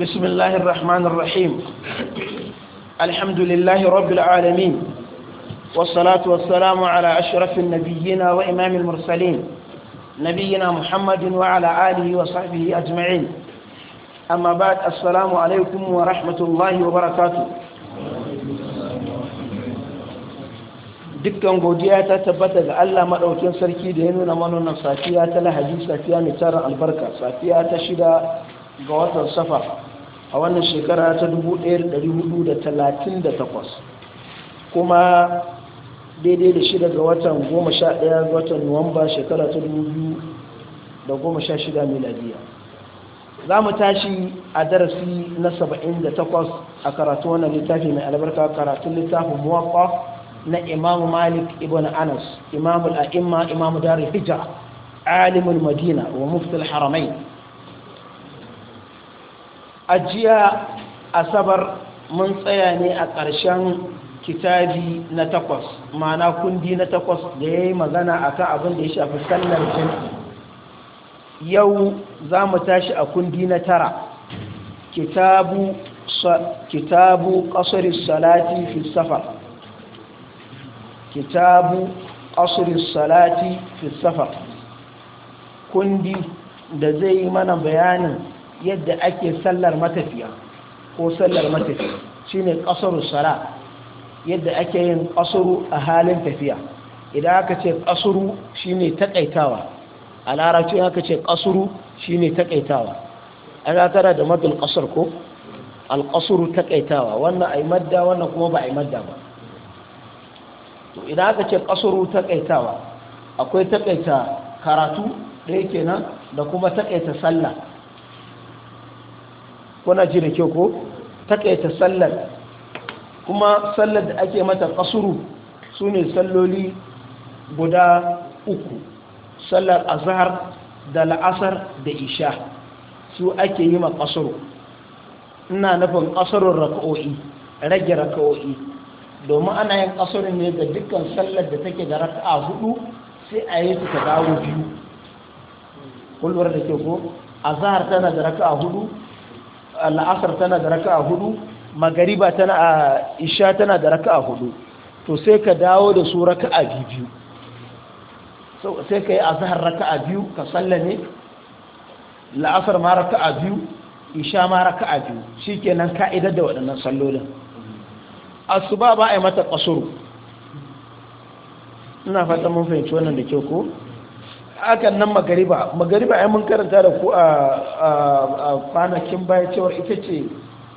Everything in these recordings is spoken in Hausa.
بسم الله الرحمن الرحيم الحمد لله رب العالمين والصلاة والسلام على أشرف النبيين وإمام المرسلين نبينا محمد وعلى آله وصحبه أجمعين أما بعد السلام عليكم ورحمة الله وبركاته dukkan godiya ta tabbata ga Allah maɗaukin sarki da ya nuna manonan safiya ta lahadi safiya mai tarin albarka safiya ta shida ga watan safa a wannan shekara ta 1438 kuma daidai da shi daga watan 11 watan nuwamba shekara ta 2016 miladiya za mu tashi a darasi na 78 a karatu wannan littafi mai albarka karatun littafin muwaffa na imamu malik ibn anas imamu al'imma imamu darin hijira alimul madina wa muftul haramain ajiya asabar mun tsaya ne a ƙarshen kitabi na takwas ma'ana kundi na takwas da ya yi magana a kan abin da ya shafi sallar jami'i yau za mu tashi a kundi na tara kitabu ƙasar salati fi safar kitabu salati fi safar kundi da zai yi mana bayanin yadda ake sallar matafiya ko sallar matafiya shine ƙasar sala yadda ake yin ƙasar a halin tafiya idan aka ce qasaru shine taƙaitawa, a larabci aka ce qasaru shine taƙaitawa. an tara da madul ƙasar ko alƙasar taƙaitawa. takaitawa wannan ai madda wannan kuma ba ai madda ba idan aka ce qasru taƙaitawa, akwai taƙaita karatu da kenan da kuma taƙaita sallah kuna ji da kyau ko takaita sallar kuma sallar da ake mata kasuru su ne salloli guda uku sallar Azahar, da la'asar da isha su ake yi ma kasuru ina nufin kasurun raka'o'i rage raka'o'i domin ana yin kasurun ne da dukkan sallar da take da raka'a hudu sai a yi ta dawo biyu kulwar da ke ko azhar tana da raka'a hudu la'asar tana da raka'a hudu magariba tana a isha tana da raka'a hudu to sai ka dawo da su a biyu sai ka yi a raka raka'a biyu ka sallame la'asar ma a biyu isha ma a biyu Shi nan ka'idar da waɗannan A asuba ba a yi mata ƙasuru ina fata mun fahimci wannan da kyau ko akan nan magariba magariba ai mun karanta da ku a kwanakin baya cewar ita ce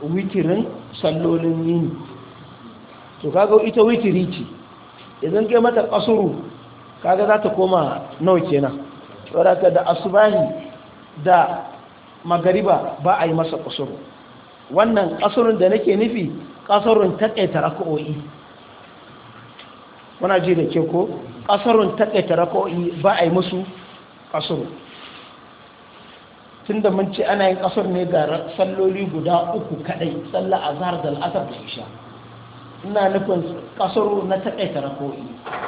wikirin sallolin yini to kaga ita wikiri ce idan kai mata kasuru kaga za ta koma nawa kenan wadata da asubahi da magariba ba a yi masa kasuru wannan kasurun da nake nufi kasurun taƙaita raka'o'i wana ji da ke ko ƙasarun taƙaita raka'o'i ba a yi musu kasuru tun da mun ce ana yin ƙasar ne ga salloli guda uku kadai a azhar da al'asar da isha ina nufin kasaro na takaita rako'i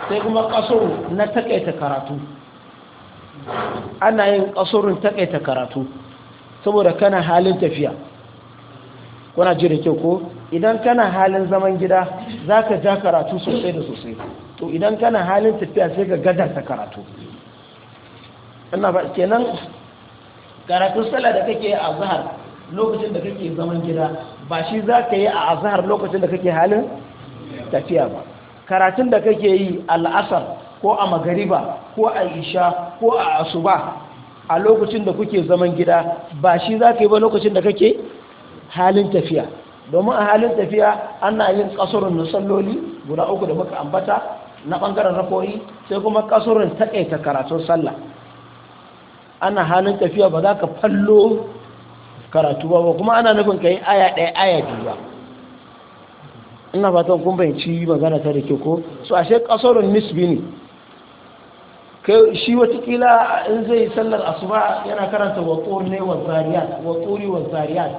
sai kuma kasaro na takaita karatu ana yin kasarin takaita karatu saboda kana halin tafiya kuna ji da kyau ko idan kana halin zaman gida za ka ja karatu sosai da sosai to idan kana halin tafiya sai ka gadarta karatu Allah ba kenan karatun sallah da kake a zahar lokacin da kake zaman gida ba shi za ka yi a azahar lokacin da kake halin tafiya ba karatun da kake yi al'asar ko a magariba ko a isha ko a asuba a lokacin da kuke zaman gida ba shi za ka yi ba lokacin da kake halin tafiya domin a halin tafiya ana yin kasurun nasalloli, guda uku da muka ambata na bangaren rakori sai kuma kasurun taƙaita karatun sallah ana halin tafiya ba za ka fallo karatu ba kuma ana nufin ka yi aya ɗaya aya biyu ba ina fatan kun bayanci magana ta da ke ko su ashe ƙasarun nisbi ne shi watakila in zai sallar asuba yana karanta watsor wa zariyat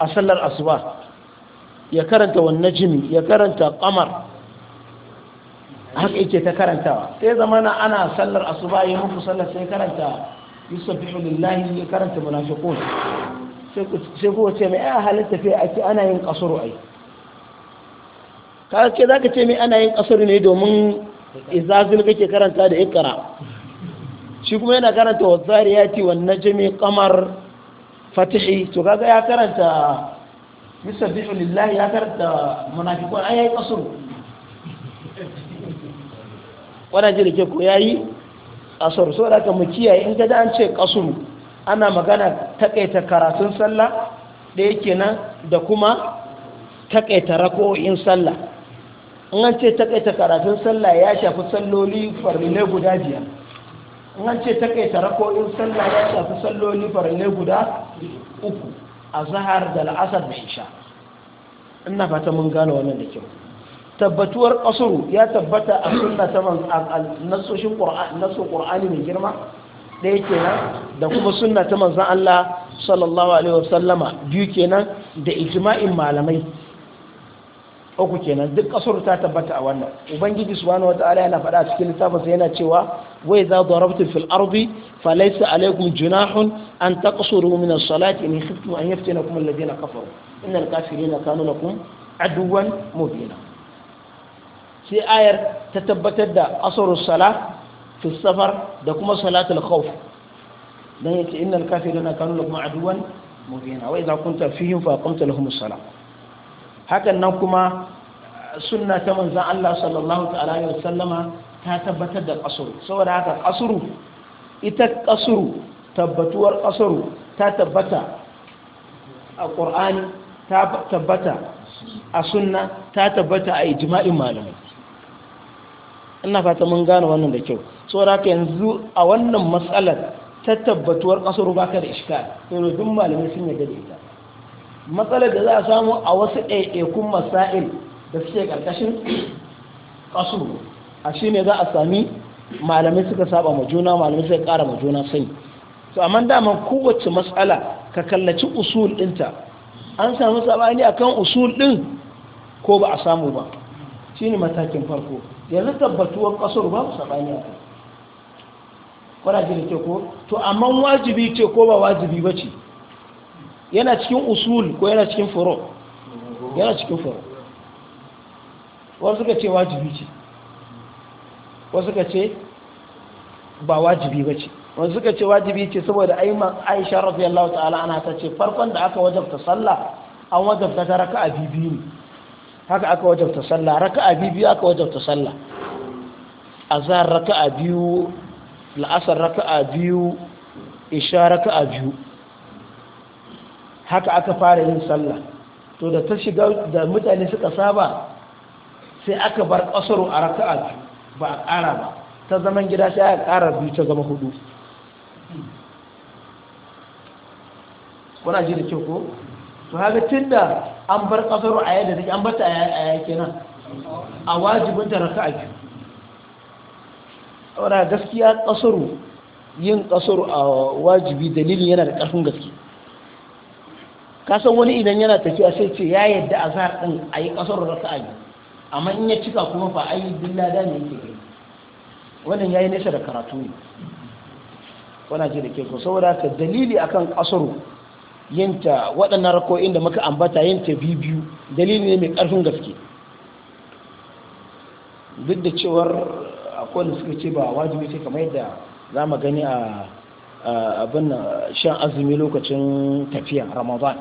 a sallar asuba ya karanta wannan jini, ya karanta kamar haka yake ta karantawa sai zamana ana sallar asuba ya muku sallar sai karanta yusabbihu lillahi ya karanta munafiqun sai ku ce mai a halin tafiya ake ana yin kasuru ai ka ce zaka ce mai ana yin kasuru ne domin izazul kake karanta da ikra shi kuma yana karanta wa zariyati wan najmi qamar fatihi to kaga ya karanta yusabbihu lillahi ya karanta munafiqun ai yayi kasuru wannan ji da ke ko yayi asar so da mu kiyaye in ga an ce kasuru ana magana takaita karatun sallah da yake nan da kuma takaita rako'in sallah in an ce takaita karatun sallah ya shafi salloli farille guda biyar in an ce takaita rako'in sallah ya shafi salloli farille guda uku a zahar da la'asar da sha ina fata mun gane wannan da kyau tabbatuwar kasuru ya tabbata a sunna ta man nasoshin qur'ani mai girma ɗaya kenan da kuma sunna ta manzon Allah sallallahu alaihi wasallama biyu kenan da ijma'in malamai uku kenan duk kasuru ta tabbata a wannan ubangiji subhanahu wataala yana faɗa cikin littafin sa yana cewa wa idza darabtum fil ardi falaysa alaykum junahun an taqsuru min as-salati in khiftum an yaftinakum alladhina kafaru innal kafirina kanu lakum aduwwan mubina sai ayar ta tabbatar da asarus sala fi da kuma salatul khawf dan yace innal kafirina kanu lakum aduwan mubina wa idza kunta fihim fa aqamta lahum hakan nan kuma uh, suna ta manzon Allah sallallahu ta'ala alaihi wasallama ta tabbatar da qasru saboda haka qasru ita qasru tabbatuwar qasru ta tabbata a ƙur'ani, ta tabbata a suna, ta tabbata a ijma'in malamai ina fata mun gane wannan da kyau saboda haka yanzu a wannan matsalar ta tabbatuwar kasar ba ka da iskal yanzu duk malamai sun yarda da ita matsalar da za a samu a wasu ɗaiɗaikun masail da suke ƙarƙashin kasu a shi ne za a sami malamai suka saba ma juna malamai suka ƙara ma juna sani to amma dama kowace matsala ka kallaci usul ɗinta an samu sabani akan usul ɗin ko ba a samu ba shine matakin farko yanzu tabbatuwar kasar ba sabani a kai kwanaji da ke ko to amma wajibi ce ko ba wajibi ba ce yana cikin usul ko yana cikin furo yana cikin furo wasu suka ce wajibi ce wasu suka ce ba wajibi ba ce wasu suka ce wajibi ce saboda aisha radiyallahu ta'ala ana ta ce farkon da aka wajabta sallah an wajabta ta raka a bibiyu ne haka aka wajabta sallah raka'a biyu aka wajabta sallah azhar raka'a biyu la'asar raka'a biyu isha raka'a biyu haka aka fara yin sallah to da ta shiga da mutane suka saba sai aka bar kasaro a raka'a biyu ba a ƙara ba ta zaman gida sai aka kara biyu ta zama hudu kuna ji da kyau ko to haka tun da an bar kasar a yadda take an bar ta a yake nan a wajibin ta raka a biyu wadda gaskiya kasar yin kasar a wajibi dalilin yana da ƙarfin gaske kasan wani idan yana tafiya sai ce ya yadda a zahar ɗin a yi kasar raka a biyu amma in ya cika kuma fa yi dilla da ne yake gani wannan yi nesa da karatu ne wadda ke da ke ko saboda ka dalili akan kasar yinta waɗannan rako'in da muka ambata yinta biyu dalili ne mai ƙarfin gaske duk da cewar akwai da suka ce ba wajibi ce kamar yadda za mu gani a abin shan azumi lokacin tafiya ramadan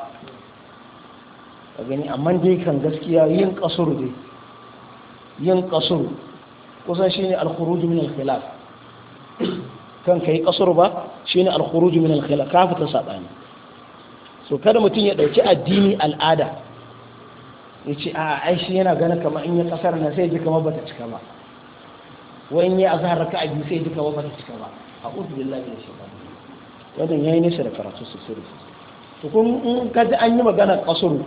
gani amma dai kan gaskiya yin kasur dai yin kasur kusan shi ne alkhuruju min alkhilaf kan ka yi kasur ba shi ne alkhuruju min alkhilaf ka ta saɓani so kada mutum ya ɗauki addini al'ada ya ce a aishi yana gani kamar in yi ƙasar na sai ji mabata bata cika ba wani in yi a zahar raka biyu sai ji mabata bata cika ba a uzu ya shi ba wannan ya yi nesa da karatu sosai suru sosai to kun in ka ji an yi magana kasuru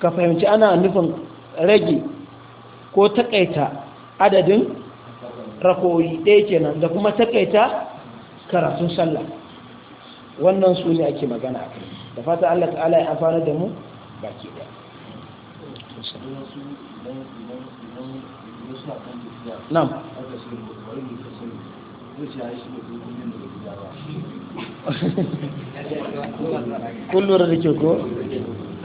ka fahimci ana nufin rage ko takaita adadin rakoyi ɗaya kenan da kuma takaita karatun sallah wannan su ne ake magana a kai da fata Allah ta'ala ya amfana da mu baki daya na'am kullum da ke ko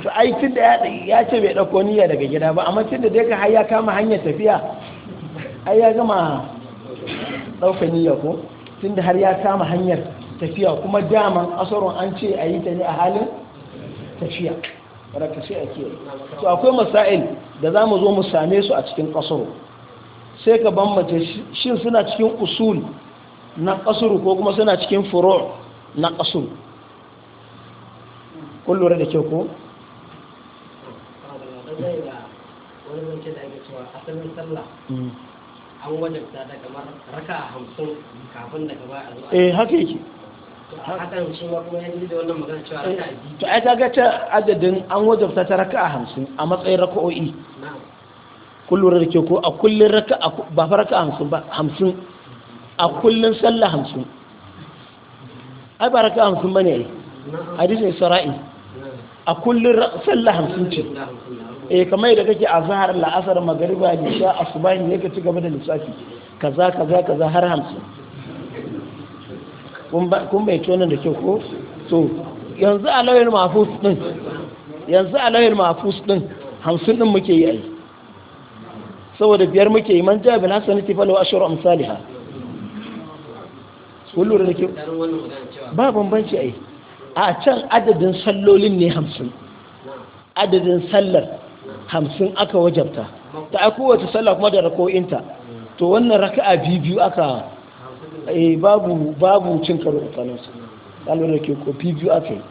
to ai tun da ya ce bai ɗauko niyya daga gida ba amma tun da dai ka har ya kama hanyar tafiya ai ya gama ɗauka niyya ko tun da har ya kama hanyar tafiya kuma daman asarun an ce a yi ta ne a halin tafiya wadda ka ce a kiyaye to akwai masail da za mu zo mu same su a cikin kasuru sai ka mace shin suna cikin usul na kasuru ko kuma suna cikin furo na kasuru kun lura da ke ko? an ta da kamar raka hamsin kafin da gaba a zuwa eh haka yake to ai kaga gata adadin an wajabta ta raka'a hamsin a matsayin raka'o'i kullum da ke ko a kullum raka'a ba fa raka'a hamsin ba hamsin a kullum sallah hamsin ai ba raka'a hamsin ba ne ai yi sara'i a kullum sallah hamsin ce eh kamar da kake a zahar la'asar magariba su asubahi ne ka ci gaba da lissafi kaza kaza kaza har hamsin kun bai tonan da ke ko so yanzu a lauyin mafus din yanzu a lauyin mafus din hamsin din muke yi ai saboda biyar muke yi man jabi na saniti falo ashiru amsaliha kullum da ke ba bambanci ai a can adadin sallolin ne hamsin adadin sallar hamsin aka wajabta ta akwai wata sallah kuma da rako'inta to wannan raka'a biyu aka Eh, babu babu cin karo tsakanin su da ke kofi biyu ake. yi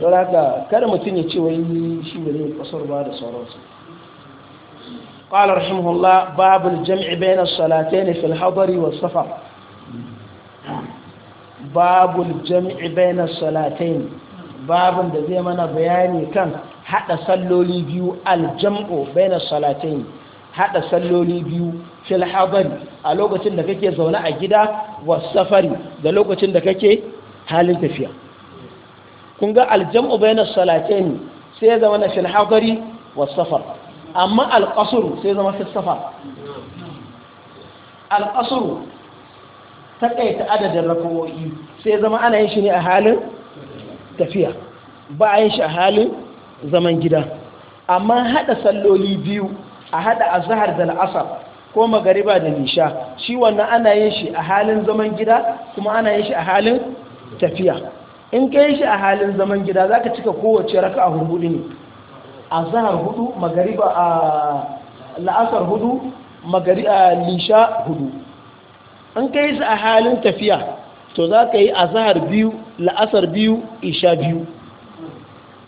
don haka kada mutum ya ce yi shi da ne kasar ba da sauransu قال رحمه الله باب الجمع بين الصلاتين في الحضر والسفر باب الجمع بين الصلاتين babin da zai mana bayani kan hada salloli biyu aljam'u bainas salatain hada salloli biyu fil a lokacin da kake zaune a gida wa safari da lokacin da kake halin tafiya kun ga aljam'u bainas salatain sai zama na fil hadari wa safar amma alqasr sai zama fil safar al qasr takaita adadin rakawoyi sai zama ana yin shi ne a halin tafiya ba a yin shi a halin zaman gida amma hada salloli biyu a hada azhar da la'asar ko magariba da nisha shi wannan ana yin shi a halin zaman gida kuma ana yin shi a halin tafiya in ka yi shi a halin zaman gida zaka cika kowace raka'a hudu ne azhar hudu magariba a la'asar hudu magariba a hudu ka kai su a halin tafiya to za ka yi a zahar biyu la'asar biyu isha biyu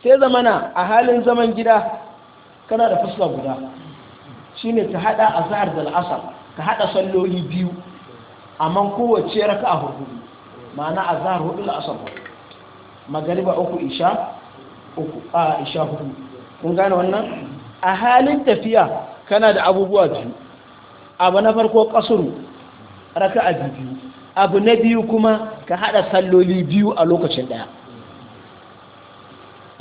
sai zamana a halin zaman gida kana da fuska guda ne ka hada zahar da al'asar ka hada salloli biyu amma kowace raka a hudu ma'ana zahar hudu al'asar hudu magariba uku isha uku a isha hudu kun gane wannan a halin tafiya kana da abubuwa biyu abu na farko kasuru a biyu abu na biyu kuma ka hada salloli biyu a lokacin daya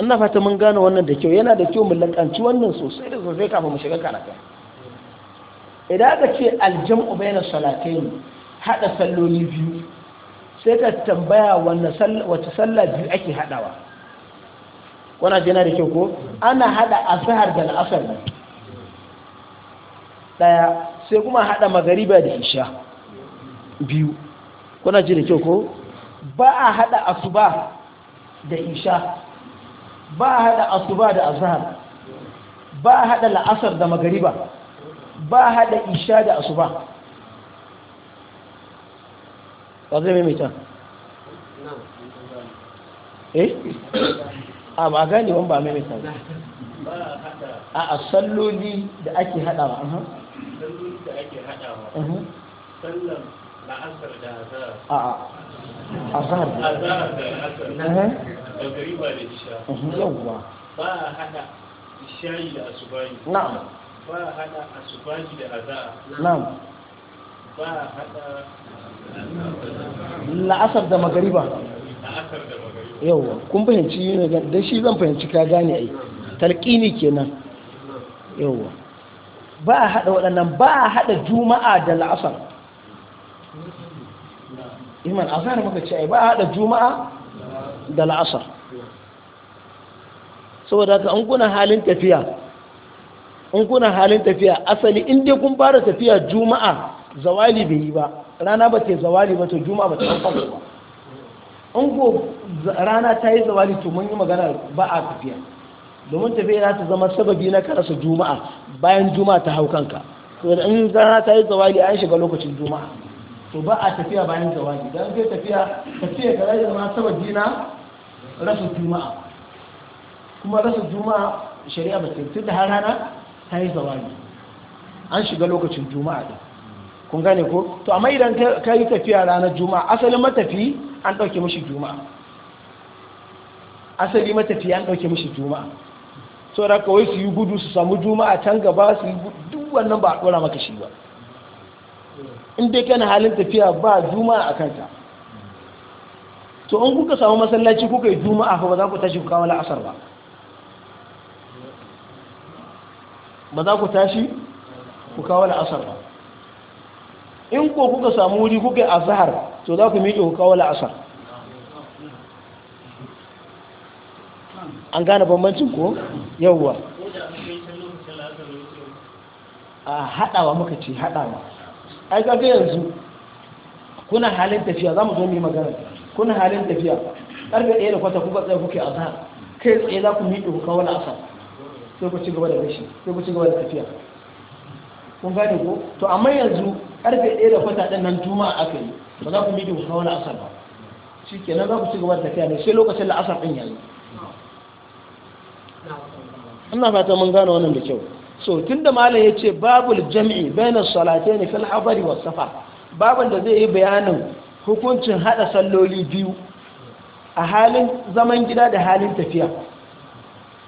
ina fata mun gane wannan da kyau yana da kyau mu lakanci wannan sosai da sosai kafin mu shiga karatu idan aka ce aljam'u bai na bayna ne hada salloli biyu sai ka tambaya wata sallah biyu ake hadawa wana jina da kyau ko ana hada asahar da al'asar ne ɗaya sai kuma hada magariba da isha biyu kuna ji da kyau ko ba a hada asuba da isha ba a hada asuba da azhar ba a hada la'asar da magariba ba haɗa isha da asuba ba zai maimaita eh a ba gane wani ba maimaita ba a a salloli da ake hadawa salloli da ake hadawa sallan la'asar da azhar a a azhar da azhar da da isha yawwa ba hada isha'i da asubani na'am ba hada asubahi da azaa na'am ba hada la'asar da magariba la'asar da magariba yawa kun fahimci ne don shi zan fahimci ka gane ai talqini kenan yawa ba a hada waɗannan ba a hada juma'a da la'asar iman azhar maka ce ai ba a hada juma'a da la'asar saboda ka an kuna halin tafiya in kuna halin tafiya asali in dai kun fara tafiya juma'a zawali bai yi ba rana ba ce zawali ba to juma'a ba ta kafa ba in ko rana ta yi zawali to mun yi magana ba a tafiya domin tafiya za ta zama sababi na karasa juma'a bayan juma'a ta hau kanka to in rana ta yi zawali an shiga lokacin juma'a to ba a tafiya bayan zawali dan ke tafiya tafiya ka rage ma sababi na rasa juma'a kuma rasa juma'a shari'a ba ce tun da har rana ta yi an shiga lokacin juma'a din kun gane ko to amma idan ka yi tafiya ranar juma'a asalin matafi an ɗauke mashi juma'a asali matafi an ɗauke mashi juma'a da kawai su yi gudu su samu juma'a can gaba su yi duk wannan ba a ɗora maka shi ba in dai kana halin tafiya ba juma'a a kanta to in kuka samu masallaci kuka yi juma'a fa ba za ku tashi ku kawo la'asar ba ba za ku tashi ku kawo la'asar ba in ko kuka samu wuri kuka yi azahar to za ku miƙe ku kawo la'asar an gane bambancin ko yawwa a haɗawa muka ce haɗawa ai kaga yanzu kuna halin tafiya za mu zo mai magana kuna halin tafiya ƙarfe ɗaya da kwata kuka tsaye kuke azahar kai tsaye za ku miƙe ku kawo la'asar sai ku ci gaba da rashi, sai ku ci gaba da tafiya kun gane ko to amma yanzu karfe 1 da kwata din nan juma'a aka yi ba za ku miƙe ku kawo la'asar ba shi nan za ku ci gaba da tafiya ne sai lokacin la'asar ɗin yanzu ina fata mun gane wannan da kyau so tunda malam ya ce babul jam'i baina salatayn fil hadari was safar baban da zai yi bayanin hukuncin hada salloli biyu a halin zaman gida da halin tafiya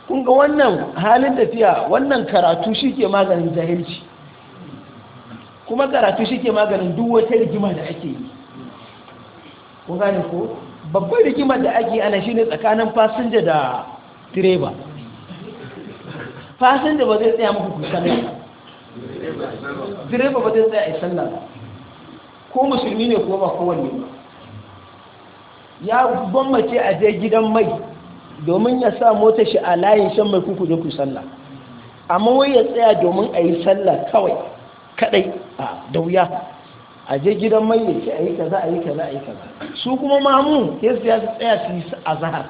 kun ga wannan halin tafiya wannan karatu shi ke maganin jahilci kuma karatu shi ke maganin duk wata rigima da ake yi kun gane ko babbar rigima da ake ana shi ne tsakanin fasinja da direba fasinja ba zai tsaya muku kusurai direba ba zai tsaya a sallah ko musulmi ne ko ba kowanne ba ya gwamnati a je gidan mai domin ya sa mota shi a layin shan mai kuku da ku sallah amma wai ya tsaya domin a yi sallah kawai kadai a dauya a je gidan mai ya ce a yi kaza a yi kaza a yi kaza su kuma mamu ya tsaya su tsaya su yi a zahar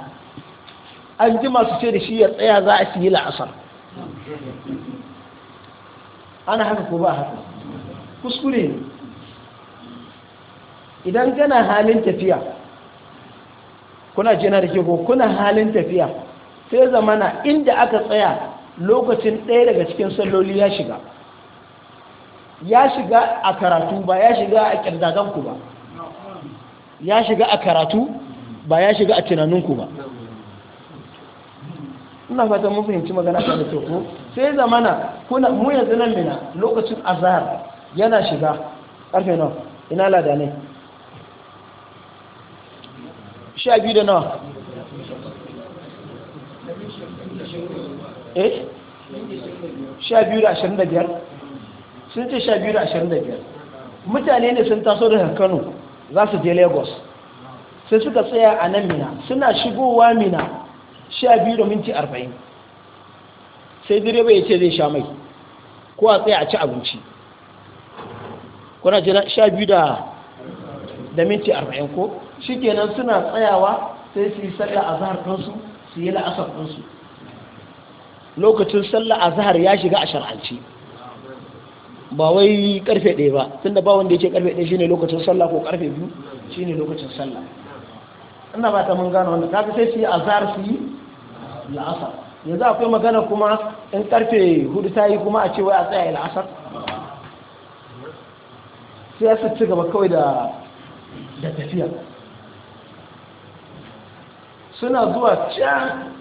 an ji masu ce da shi ya tsaya za a su yi la'asar ana haka ko ba haka kuskure ne idan kana halin tafiya kuna ce na da ke kuna halin tafiya sai zamana inda aka tsaya lokacin ɗaya daga cikin salloli ya shiga ya shiga a karatu ba ya shiga a ƙirgaganku ba ya shiga a karatu ba ya shiga a tunaninku ba ina fata mun fahimci magana ta da ko sai zamana kuna mu yanzu nan mina lokacin azhar yana shiga karfe nan ina lada ne sha biyu da nawa eh sha biyu da ashirin da biyar sun ce sha biyu da ashirin da biyar mutane ne sun taso daga kano za su je lagos sai suka tsaya a nan mina suna shigowa mina sha biyu da minti arba'in sai direba ya ce zai sha mai ko a tsaya a ci abinci kuna jira sha biyu da minti arba'in ko shikenan suna tsayawa sai su yi sallar azhar kansu su yi la'asar kansu lokacin sallar azhar ya shiga a shar'anci ba wai karfe ɗaya ba tunda ba wanda yake karfe ɗaya shine lokacin sallah ko karfe biyu shine lokacin sallah ina ba ta mun gano wanda kaga sai su yi azhar su yi la'asar yanzu akwai magana kuma in karfe hudu ta yi kuma a ce wai a tsaya la'asar sai su ci gaba kawai da da tafiya suna zuwa can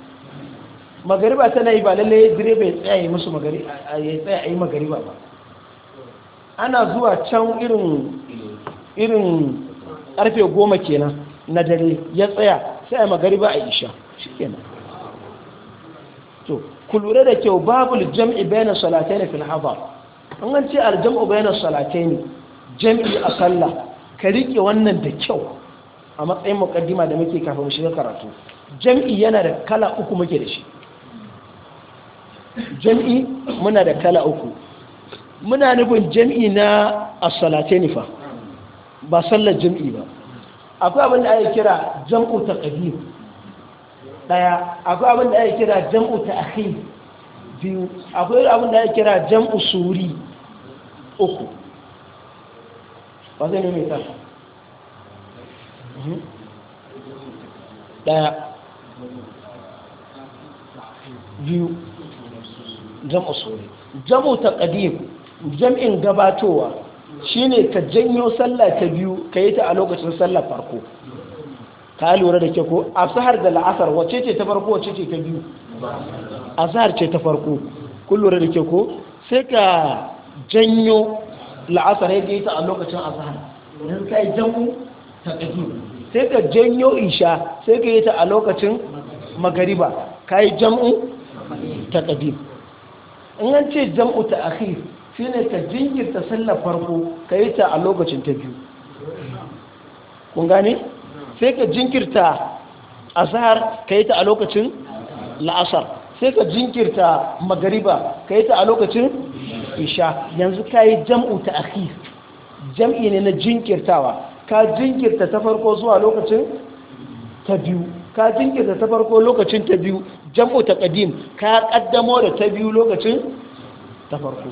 magariba tana yi ba lalle direba ya tsaya yi musu magariba ya tsaya yi magari ba ana zuwa can irin ƙarfe karfe goma kenan na dare ya tsaya sai a magariba a isha shi kenan to ku da kyau babu jam'i bayan salatai na filhaba an an aljam'u al jam'u ne jam'i a sallah ka riƙe wannan da kyau a matsayin mukaddima da muke kafin shiga karatu jam'i yana da kala uku muke da shi jam'i muna da kala uku muna nufin jam'i na as-salate fa. ba sallar jam'i ba akwai abin da ake kira jam'u ta qadim daya akwai abin da ake kira jam'u ta akhir biyu akwai abin da ake kira jam'u suri uku ba zai ne mai tafi ɗaya biyu jam'u sori jam'u ƙadim jam'in gabatowa shine ka janyo sallah ta biyu ka yi ta a lokacin sallah farko ka lura da ke ko a sahar da la'asar wacce ce ta farko wacce ce ta biyu A sahar ce ta farko kun lura da ke ko sai ka janyo la'asar ya yi ta a lokacin a sahar sai ka janyo isha sai ka yi ta a lokacin magariba ka yi jam'u ta ƙadim in an ce jam'u ta ake shi ne ka jingirta sallar farko ka yi ta a lokacin ta biyu kun gane sai ka jinkirta azhar ka yi ta a lokacin la'asar sai ka jinkirta magariba ka yi ta a lokacin isha yanzu ka yi jam'u ta ake jam'i ne na jinkirtawa ka jinkirta ta farko zuwa lokacin ta biyu ka jinkirta ta farko lokacin ta biyu jam'u kadim ka kaddamo da ta biyu lokacin ta farko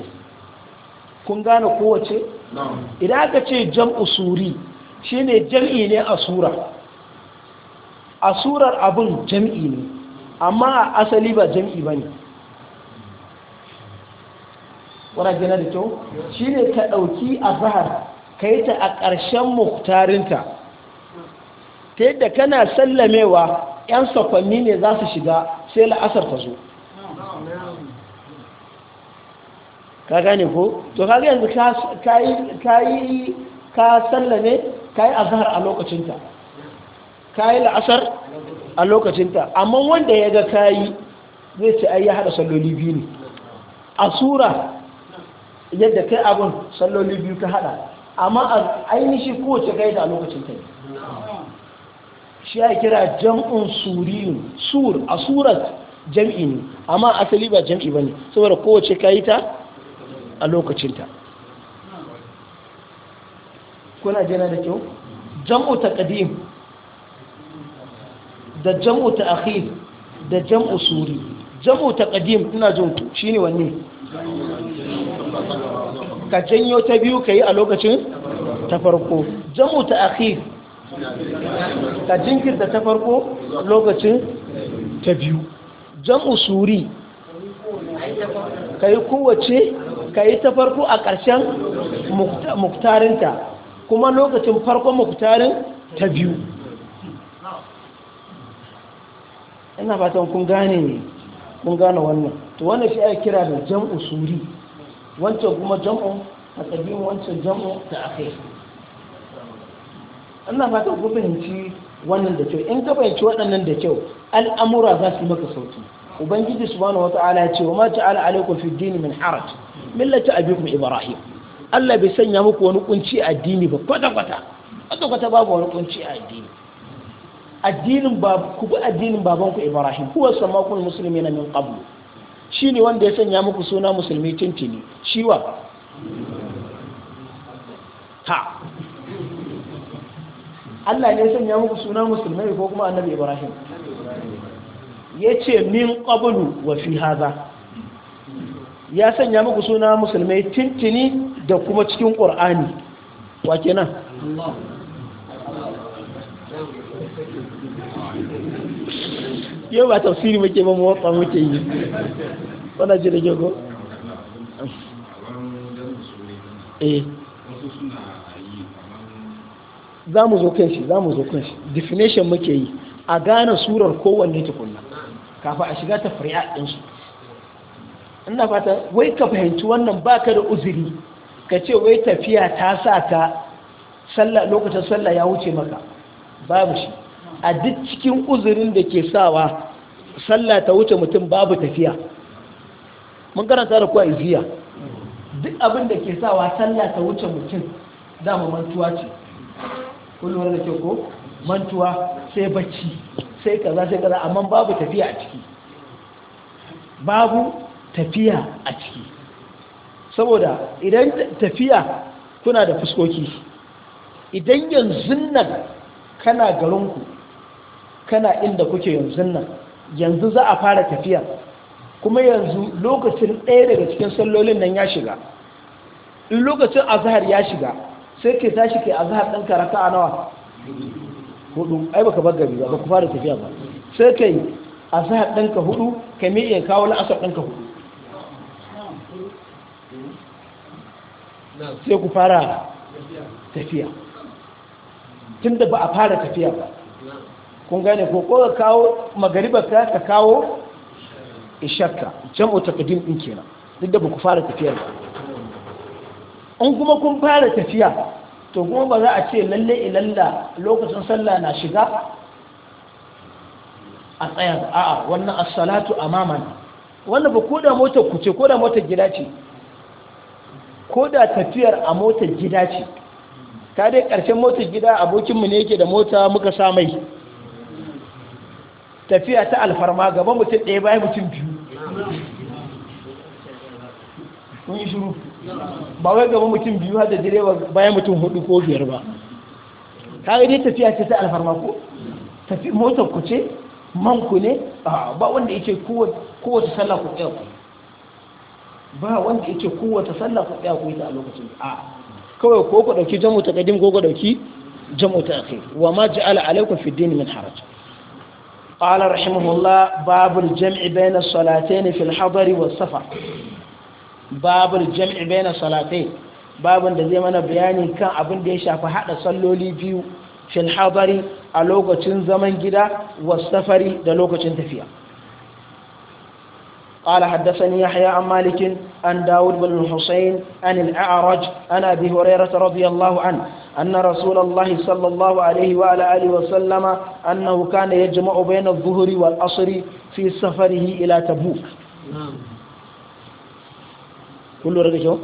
kun gane kowace idan aka ce jam'u suri shine jam'i ne a sura a surar abin jam'i ne amma a asali ba jam'i bane wana gina da kyau shine ka dauki zahar. kai ta a ƙarshen muktarinta ta yadda kana sallamewa 'yan sakonni ne za su shiga sai la'asar ta zo ka gane ko to yanzu ka yi ka sallame ka yi azahar a lokacinta ka yi la'asar a lokacinta amma wanda ya ga ka yi zai ce ai ya haɗa salloli biyu ne a sura yadda kai abin salloli biyu ta haɗa amma ainihi kowace gaida a lokacin ta shi ya kira jam'un suriyun sur a surat jam'i ne amma asali ba jam'i ba ne saboda kowace kayi ta a ta. kuna jana da kyau jam'u ta ƙadim da jam'u ta akhir da jam'u suri jam'u ta ƙadim ina jin ku shi ne wanne ka janyo ta biyu ka yi a lokacin ta farko jamu ta ake ka jinkirta ta farko lokacin ta biyu jamu suri ka yi kowace ka yi ta farko a ƙarshen muktarinta kuma lokacin farkon muktarin ta biyu ina fatan kun gane ne kun gane wannan to wannan shi ake kira da jam'u suri wancan kuma jam'u taqdim wancan jam'u ta'khir ina fata ta fahimci wannan da kyau in ka fahimci waɗannan da kyau al'amura za su maka sauki ubangiji subhanahu wata'ala ya ce wa ma ta'ala alaikum fi dini min haraj millati abikum ibrahim Allah bai sanya muku wani kunci a addini ba kwata kwata kwata kwata babu wani kunci a addini addinin ba ku bi addinin babanku ibrahim huwa samakun muslimina min qablu shi ne wanda ya sanya muku suna musulmi tintini shi wa ha Allah ne ya sanya muku suna musulmi ko kuma annabi Ibrahim ya ce min ƙabulu wa fi haza ya sanya muku suna musulmi tintini da kuma cikin ƙur'ani wa kenan yau ba tafsiri muke ba mu wafa muke yi wannan ji da ko eh. za mu zo kan shi za mu zo kan shi definition muke yi a gane surar kowanne tukunna kafa a shiga ta fari'a ɗinsu ina fata wai ka fahimci wannan baka da uzuri ka ce wai tafiya ta sa ka lokacin sallah ya wuce maka babu shi a duk cikin uzurin da ke sawa sallah ta wuce mutum babu tafiya mun karanta da kuwa iziya duk abin da ke sawa sallah ta wuce mutum dama mantuwa ce kullum da ke ko mantuwa sai bacci sai kaza sai kaza amma babu tafiya a ciki babu tafiya a ciki saboda idan tafiya kuna da fuskoki idan yanzu nan kana garinku kana inda kuke yanzu nan yanzu za a fara tafiya kuma yanzu lokacin ɗaya daga cikin sallolin nan ya shiga in lokacin azahar ya shiga sai ke tashi ke azahar ɗan karaka a nawa hudu ai baka bar gari ba ku fara tafiya ba sai kai azhar ɗanka hudu ka iya kawo la'asar ɗanka hudu sai ku fara tafiya tun da ba a fara tafiya ba kun gane ko ko ka kawo magariba ka kawo isharka jam'u taqdim din kenan duk da baku fara tafiyar an in kuma kun fara tafiya to kuma ba za a ce lalle ilalla lokacin sallah na shiga a tsaya a'a wannan as-salatu amamana wannan ba ko da motar ku ce ko da motar gida ce ko da tafiyar a motar gida ce ta dai ƙarshen motar gida abokinmu ne yake da mota muka sa mai tafiya ta alfarma gaba mutum ɗaya bayan mutum biyu kun yi shiru ba wai gaba mutum biyu har da direba bayan mutum hudu ko biyar ba Ka yi dai tafiya ce ta alfarma ko tafi motar ku ce man ku ne ba wanda yake kowace sallah ku ɗaya ku ba wanda yake kowace sallah ku ɗaya ku yi ta a lokacin a kawai ko ku ɗauki jamu ta ƙadim ko ku ɗauki jamu ta akai wa ma ji'ala alaikum fi dini min haraj قال رحمه الله باب الجمع بين الصلاتين في الحضر والسفر باب الجمع بين الصلاتين باب da zai mana bayani kan abin da ya shafi hada salloli biyu fil hadari a lokacin zaman gida was safari da lokacin tafiya قال حدثني يحيى عن مالك عن داود بن الحسين عن الأعرج عن أبي هريرة رضي الله عنه أن رسول الله صلى الله عليه وعلى آله وسلم أنه كان يجمع بين الظهر والعصر في سفره إلى تبوك كل رجل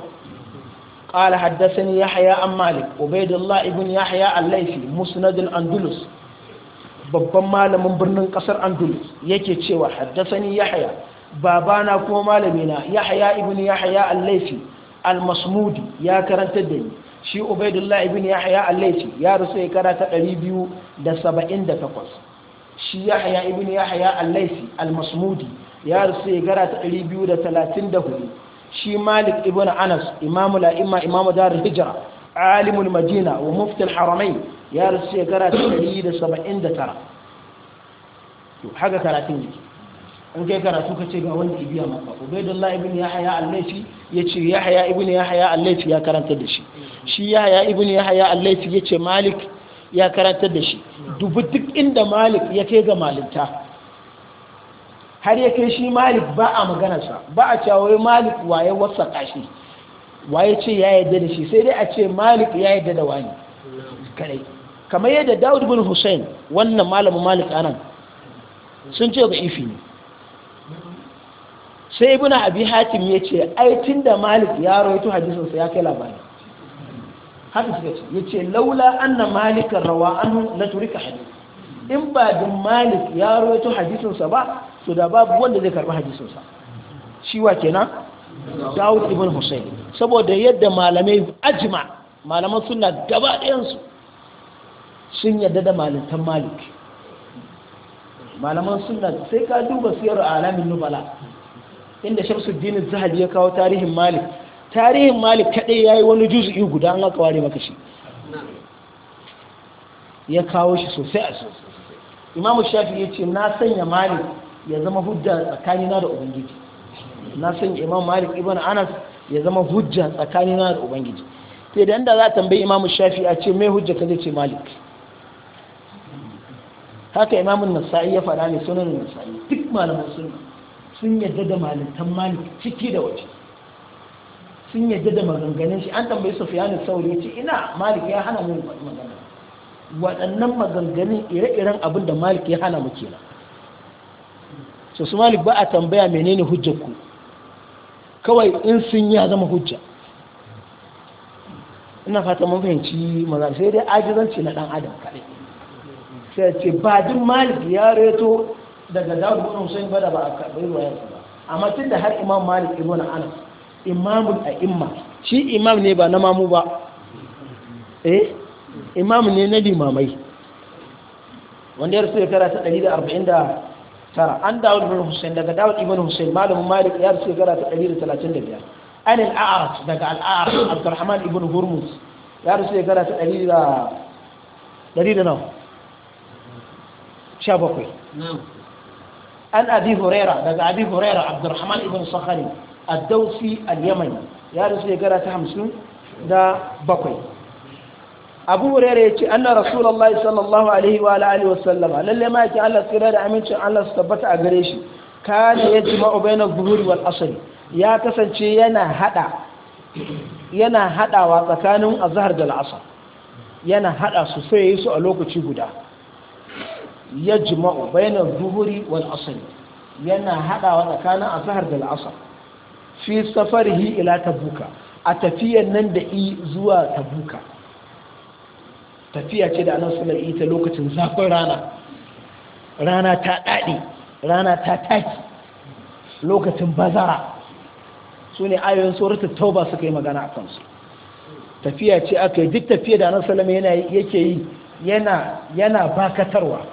قال حدثني يحيى عن مالك عبيد الله ابن يحيى الليثي مسند الأندلس babban malamin birnin kasar andalus yake cewa haddasani yahya babana kuma malamina yahya ibn yahya al-laifi al-masmudi ya karantar da ni shi ubaidullah ibn yahya al-laythi ya rasu shekara ta 278 shi yahya ibn yahya al-laythi al-masmudi ya rasu shekara ta 234 shi malik ibn anas imamu la'imma imamu dar hijra alimul madina wa mufti al ya rasu shekara ta 179 haka karatun yake in kai karatu ka ce ga wanda ibiya maka ubaidullah ibn yahya al-laifi yace yahya ibn yahya al-laifi ya karanta da shi shi yahya ibn yahya al-laifi yace malik ya karanta da shi dubu duk inda malik ya kai ga malinta har ya kai shi malik ba a magana sa ba a cewa malik waye wasa kashi waye ce ya yadda da shi sai dai a ce malik ya yadda da wani kadai kamar yadda Dawud bin Hussein wannan malamin Malik anan sun ce ga ifi ne sai Buna abi hatim ya ce ai tunda malik ya rawaito hadisin sa ya kai labari haka suka ce yace laula anna malik rawa anhu la turika hadis in ba din malik ya rawaito hadisin sa ba to da babu wanda zai karɓi hadisin sa shi wa kenan Dawud ibn Hussein saboda yadda malamai ajma malaman sunna gaba ɗayan su sun yadda da malintan malik malaman sunna sai ka duba siyar alamin nubala inda shamsuddin zahabi ya kawo tarihin malik tarihin malik kadai yayi wani juz'i guda an aka ware maka shi ya kawo shi sosai a sosai imam shafi ya ce na sanya malik ya zama hujja tsakanina da ubangiji na sanya imam malik ibn anas ya zama hujja tsakanina da ubangiji sai da inda za a tambayi imam shafi a ce mai hujja ka zai ce malik haka imamun nasa'i ya faɗa ne sunan nasa'i duk malaman sunan sun yadda da malintan malik ciki da waje sun yadda da maganganun shi an tambayi sufiyanu sauri ya ce ina malik ya hana mu magana waɗannan maganganun ire-iren abin da malik ya hana mu kenan so su malik ba a tambaya menene hujjar ku kawai in sun ya zama hujja ina fata mun fahimci maza sai dai ajizanci na dan adam kare sai ce ba duk malik ya reto daga dawo ibn husayn ba da ba a karɓi ruwayar ba amma tun da har imam malik ibn anas imamul imma, shi imam ne ba na mamu ba eh imam ne na limamai wanda ya ɗari da arba'in da tara, an dawo ibn husayn daga dawo ibn husayn malamin malik ya ɗari da talatin da biyar, an al'a'ar daga al'a'ar abdurrahman ibn hurmuz ya rasu ya ɗari da, ɗari da nawa sha bakwai عن أبي هريرة هذا أبي هريرة عبد الرحمن بن صخري الدوسي اليمني يا رسول الله تحمسون دا بقي أبو هريرة أن رسول الله صلى الله عليه وآله علي وسلم للي ما يكي الله سرير أمين أن الله سبت أغريشي كان يجمع بين الظهور والأصل يا كسن ينا هدا ينا هدا وكانوا الظهر دل عصر ينا هدا سفيس ألوك تشيبو jima'u bayna zuhuri wal asali. yana haɗawa tsakanin asahar da la'asar fi safarihi ila tabuka a tafiyan nan da i zuwa tabuka tafiya ce da anan suna alaihi ta lokacin zafin rana rana ta daɗe rana ta taki lokacin bazara su ne ayoyin suratul tauba suka yi magana a kansu tafiya ce aka yi duk tafiya da anan salama yake yi yana bakatarwa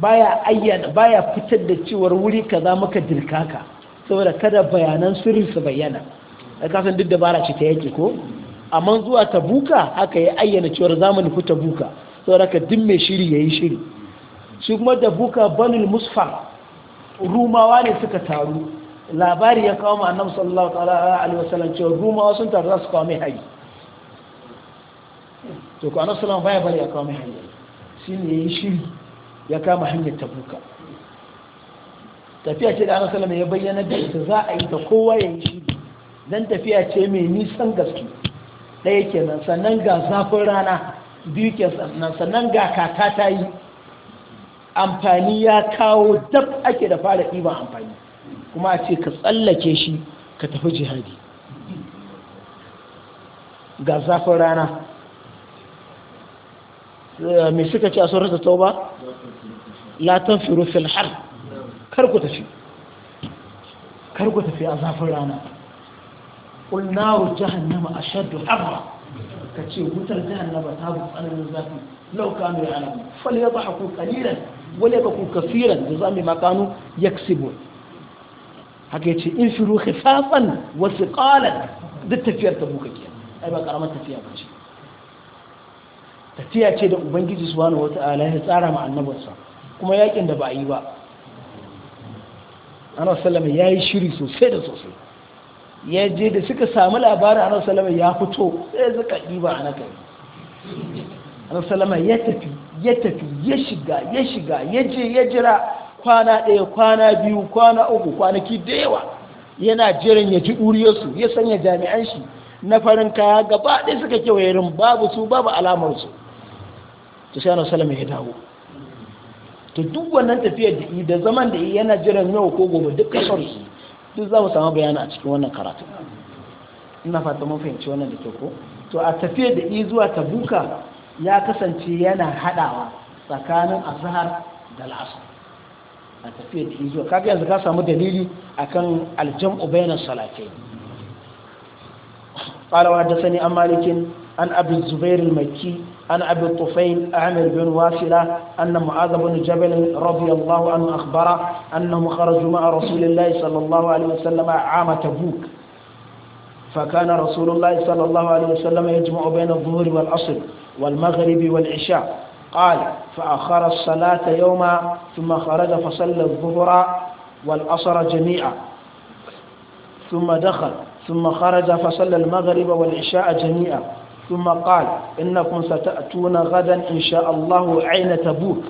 baya ayyana baya fitar da cewar wuri kaza maka dirkaka saboda kada bayanan sirri su bayyana a kasan duk dabara ce ta yake ko amma zuwa tabuka haka ya ayyana cewar zamani ku tabuka saboda ka dimme mai shiri yayi shiri shi kuma tabuka banul Musfa. rumawa ne suka taru labari ya kawo annabi sallallahu alaihi wasallam cewa rumawa sun taru za su kawo mai hayi to ko annabi sallallahu alaihi wasallam baya bari ya kawo mai hayi shine yayi shiri ya kama hanyar tabuka tafiya ce da ana salama ya bayyana da ita za a yi ta kowa ya yi shi don tafiya ce mai nisan gaske ɗaya ke nan sannan ga zafin rana biyu nan sannan ga kaka ta yi amfani ya kawo dab ake da fara ɗiban amfani kuma a ce ka tsallake shi ka tafi jihadi ga zafin rana Eh, mai suka ce a sun rasa tauba la tanfiru fil har kar ku tafi kar ku tafi a zafin rana qul naru jahannama ashaddu Ka ce wutar jahannama ta bu tsananin zafi law kanu ya'lamu falyadhaku qalilan wala yaku kaseeran jazami ma kanu yaksibun haka ce in firu hifafan wa thiqalan duk tafiyar ta buka ke ai ba karamar tafiya ba ce tafiya ce da ubangiji subhanahu wata'ala ya tsara ma kuma yakin da ba yi ba ana sallama ya yi shiri sosai da sosai ya je da suka samu labarin ana sallama ya fito sai suka ɗiba a nakari ana sallama ya tafi ya tafi ya shiga ya shiga ya je ya jira kwana ɗaya kwana biyu kwana uku kwanaki da yawa yana jiran ya ji ɗuriyarsu ya sanya jami'an shi na farin kaya gaba ɗaya suka kewaye babu su babu alamarsu to sai annabi sallallahu alaihi wasallam ya dawo to duk wannan tafiyar da yi da zaman da yi yana jiran yau ko gobe duk kasar su duk za mu samu bayani a cikin wannan karatu ina fata mun fahimci wannan da ke ko to a tafiyar da yi zuwa tabuka ya kasance yana hadawa tsakanin azhar da al'asr a tafiyar da yi zuwa kaga yanzu ka samu dalili akan aljam'u bainas salatayn قال وحدثني عن مالك عن أبي الزبير المكي عن أبي الطفيل عامر بن واسلة أن معاذ بن جبل رضي الله عنه أخبر أنهم خرجوا مع رسول الله صلى الله عليه وسلم عام تبوك فكان رسول الله صلى الله عليه وسلم يجمع بين الظهر والعصر والمغرب والعشاء قال فأخر الصلاة يوما ثم خرج فصلى الظهر والعصر جميعا ثم دخل ثم خرج فصلى المغرب والعشاء جميعا ثم قال إنكم ستأتون غدا إن شاء الله عين تبوك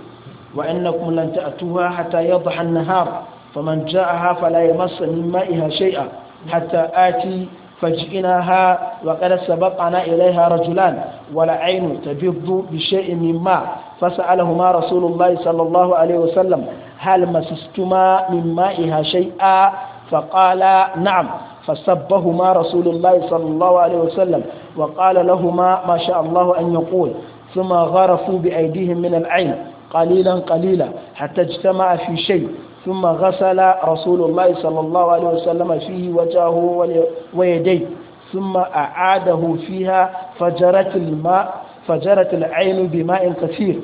وإنكم لن تأتوها حتى يضح النهار فمن جاءها فلا يمس من مائها شيئا حتى آتي فجئناها وقد سبقنا إليها رجلان ولعين تبض بشيء من ماء فسألهما رسول الله صلى الله عليه وسلم هل مسستما من مائها شيئا فقال نعم فسبهما رسول الله صلى الله عليه وسلم وقال لهما ما شاء الله أن يقول ثم غرفوا بأيديهم من العين قليلا قليلا حتى اجتمع في شيء ثم غسل رسول الله صلى الله عليه وسلم فيه وجهه ويديه ثم أعاده فيها فجرت الماء فجرت العين بماء كثير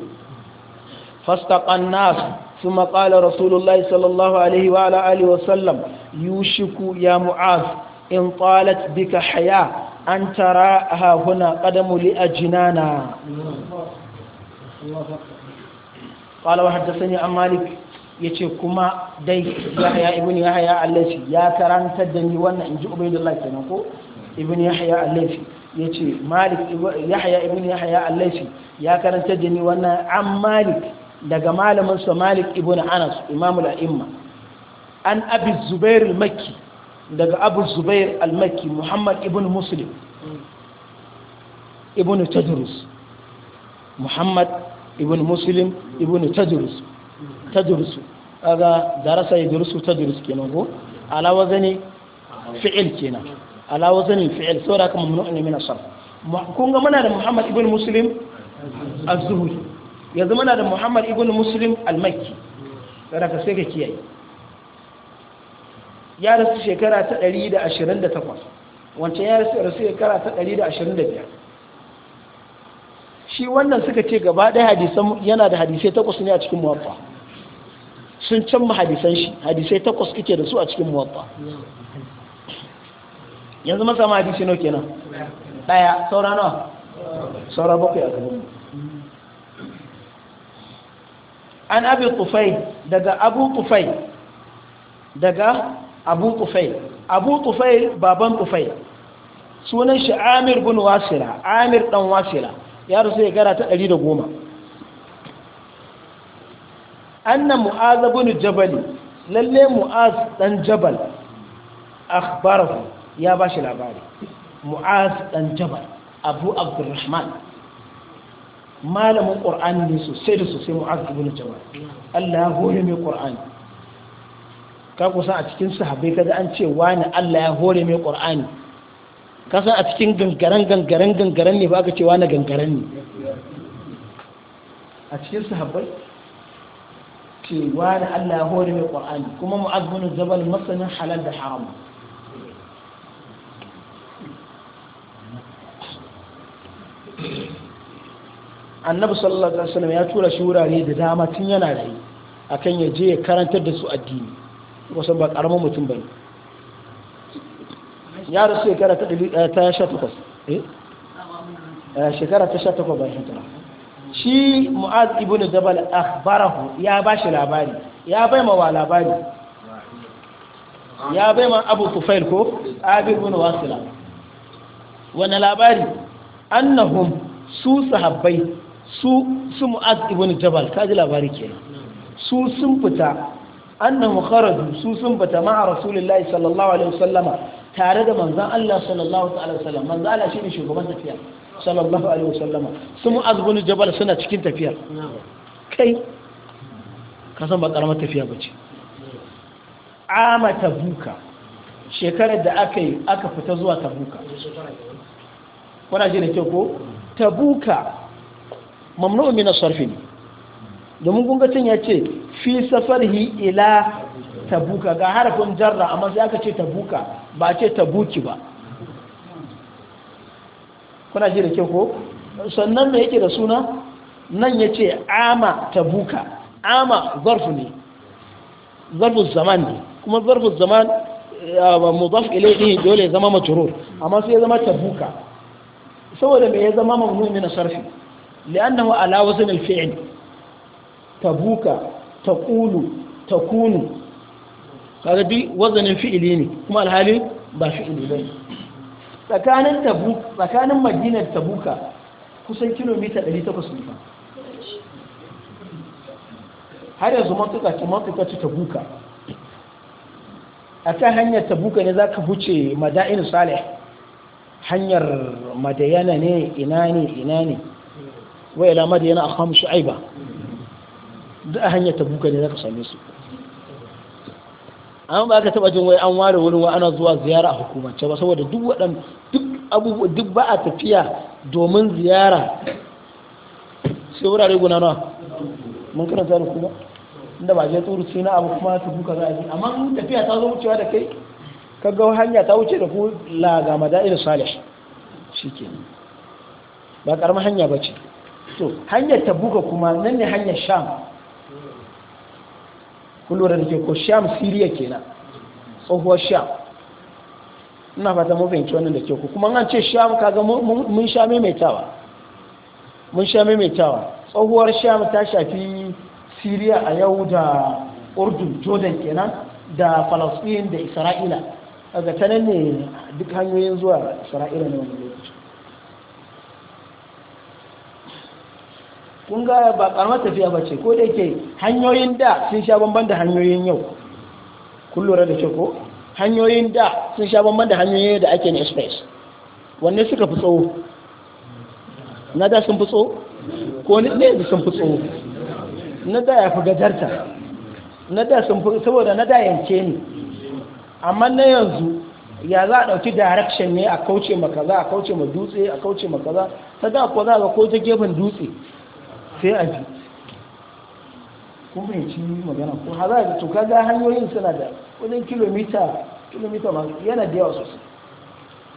فاستقى الناس ثم قال رسول الله صلى الله عليه وعلى آله وسلم يوشك يا معاذ إن طالت بك حياة أن تراها هنا قدم لأجنانا قال وحدثني عن مالك yace kuma dai Yahya ibn Yahya al ya karanta da ni wannan inji Ubaydullah kenan ko ibn Yahya al yace Malik Yahya ibn Yahya al ya karanta da ni wannan an Malik daga malamin su Malik ibn Anas imamul aimma an Abi Zubair al-Makki daga Abu Zubair al-Makki Muhammad ibn Muslim ibn Tadrus Muhammad ibn Muslim ibn Tadrus Tadrus aga darasa ya durusu tadrus kenan ko ala wazani fi'il kenan ala wazani fi'il saboda kuma mamnu'un min as kun ga muna da Muhammad ibn Muslim az-Zuhri yanzu muna da muhammad ibn muslim al-makki da ka sai ka kiyaye ya rasu shekara ta 128 wancan ya rasu shekara ta 125 shi wannan suka ce gaba ɗaya hadisan yana da hadisai takwas ne a cikin muwaffa sun canma hadisan shi hadisai takwas kike da su a cikin muwaffa yanzu masama hadisi nau kenan ɗaya saura nawa saura bakwai a gaban an abi tufai daga abu tufai daga abu abu baban tufai sunan shi amir bin wasila amir dan wasila ya rasu gara ta 110 anna mu'az bin jabal lalle mu'az dan jabal akhbarahu ya bashi labari mu'az dan jabal abu abdurrahman malamin qur'ani ne sosai da sosai mu'az ibn jabal Allah ya hore mai qur'ani ka san a cikin sahabbai kaga an ce wani Allah ya hore mai qur'ani ka san a cikin gangaren gangaren gangaren ne ba aka ce wani gangaren ne a cikin sahabbai ce wani Allah ya hore mai qur'ani kuma mu'az ibn jabal masanin halal da haram Thank you. annabi sallallahu alaihi wasallam ya tura shi wurare da dama tun yana rayu akan ya je ya karantar da su addini wasan ba karamin mutum bane ya rasu shekara ta 18 eh, eh? eh shekara ta 18 bayan hijira shi mu'az ibnu jabal akhbarahu ya ba shi labari ya bai ma wa labari ya bai ma abu tufail ko abi ibn wasila wannan labari annahum su sahabbai su su mu'az ibn jabal kaji labari kenan su sun fita annahu kharaju su sun fita ma'a rasulullahi sallallahu alaihi wasallama tare da manzon Allah sallallahu alaihi wasallam manzon Allah shine shugaban tafiya sallallahu alaihi wasallama su mu'az ibn jabal suna cikin tafiya kai ka san ba karamar tafiya bace ama tabuka shekarar da aka yi aka fita zuwa tabuka kuna ji ne ko tabuka mamnu min sarfi ne domin kun gacin ya ce fi safarhi ila tabuka ga harafin jarra amma sai aka ce tabuka ba ce tabuki ba kuna ji da ke ko sannan me yake da suna nan ya ce ama tabuka ama zarfu ne zarfin zaman ne kuma zarfin zaman eh, mudaf ilaihi eh, dole ya zama majrur amma sai ya zama tabuka saboda me ya zama mamnu min sarfi li'annahu ala wasan alfi'il tabuka taqulu takunu kaga duk wazanin fi'ili ne kuma alhali ba fi'ili bane tsakanin tabu tsakanin madinar tabuka kusan kilomita 800 ne har yanzu mantuka ce mantuka ce a ta hanyar tabuka ne za ka huce mada'in hanyar madayana ne ina ne ina ne wa ila madiyana akham shu'aiba duk a hanyar tabuka ne zaka same su an ba ka taba jin wai an ware wurin wa ana zuwa ziyara a hukumance ba saboda duk waɗanda duk abubuwa duk ba a tafiya domin ziyara sai wurare guda nawa mun karanta da kuma inda ba je tsoro sai na abu kuma tabuka za a yi amma tafiya ta zo wucewa da kai kaga hanya ta wuce da ku la ga madain salih shikenan ba karamar hanya ba ce so hanyar tabuka kuma nan ne hanyar sham kulura da ke ko sham siriya kenan tsohuwar sham ina fata mun fahimci wannan da ke ku kuma an ce sham kaga mun sha maimaitawa mun sha maimaitawa tsohuwar sham ta shafi siriya a yau da urdun jordan kenan da falasɗin da isra'ila daga ta nan ne duk hanyoyin zuwa isra'ila ne wani lokaci kun ga ba karamar tafiya ba ce ko da yake hanyoyin da sun sha bamban da hanyoyin yau kun lura da ko hanyoyin da sun sha bamban da hanyoyin da ake na express wanne suka fi tsawo na da sun fi tsawo ko ni ne sun fi tsawo na da ya fi gajarta na da sun fi saboda na da yanke ni, amma na yanzu ya za a ɗauki direction ne a kauce ma kaza a kauce ma dutse a kauce ma kaza ta da ko za a ko ta gefen dutse sai a ji kun cin magana ko haza da to kaga hanyoyin suna da wajen kilomita kilomita ba yana da yawa sosai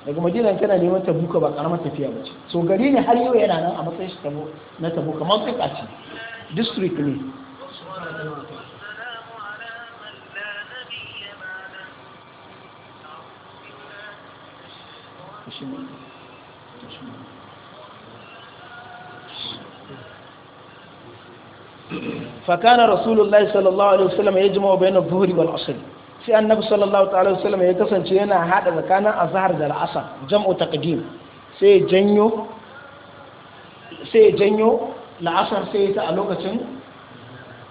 daga madina kana neman tabuka ba karamar tafiya ba ce so gari ne har yau yana nan a matsayin shi na tabuka mafi ce district ne فكان رسول الله صلى الله عليه وسلم يجمع بين الظهر والعصر sai annabi sallallahu ta'ala wasallam ya kasance yana haɗa tsakanin azhar da al'asar jam'u taqdim sai janyo janyo la'asar sai ta a lokacin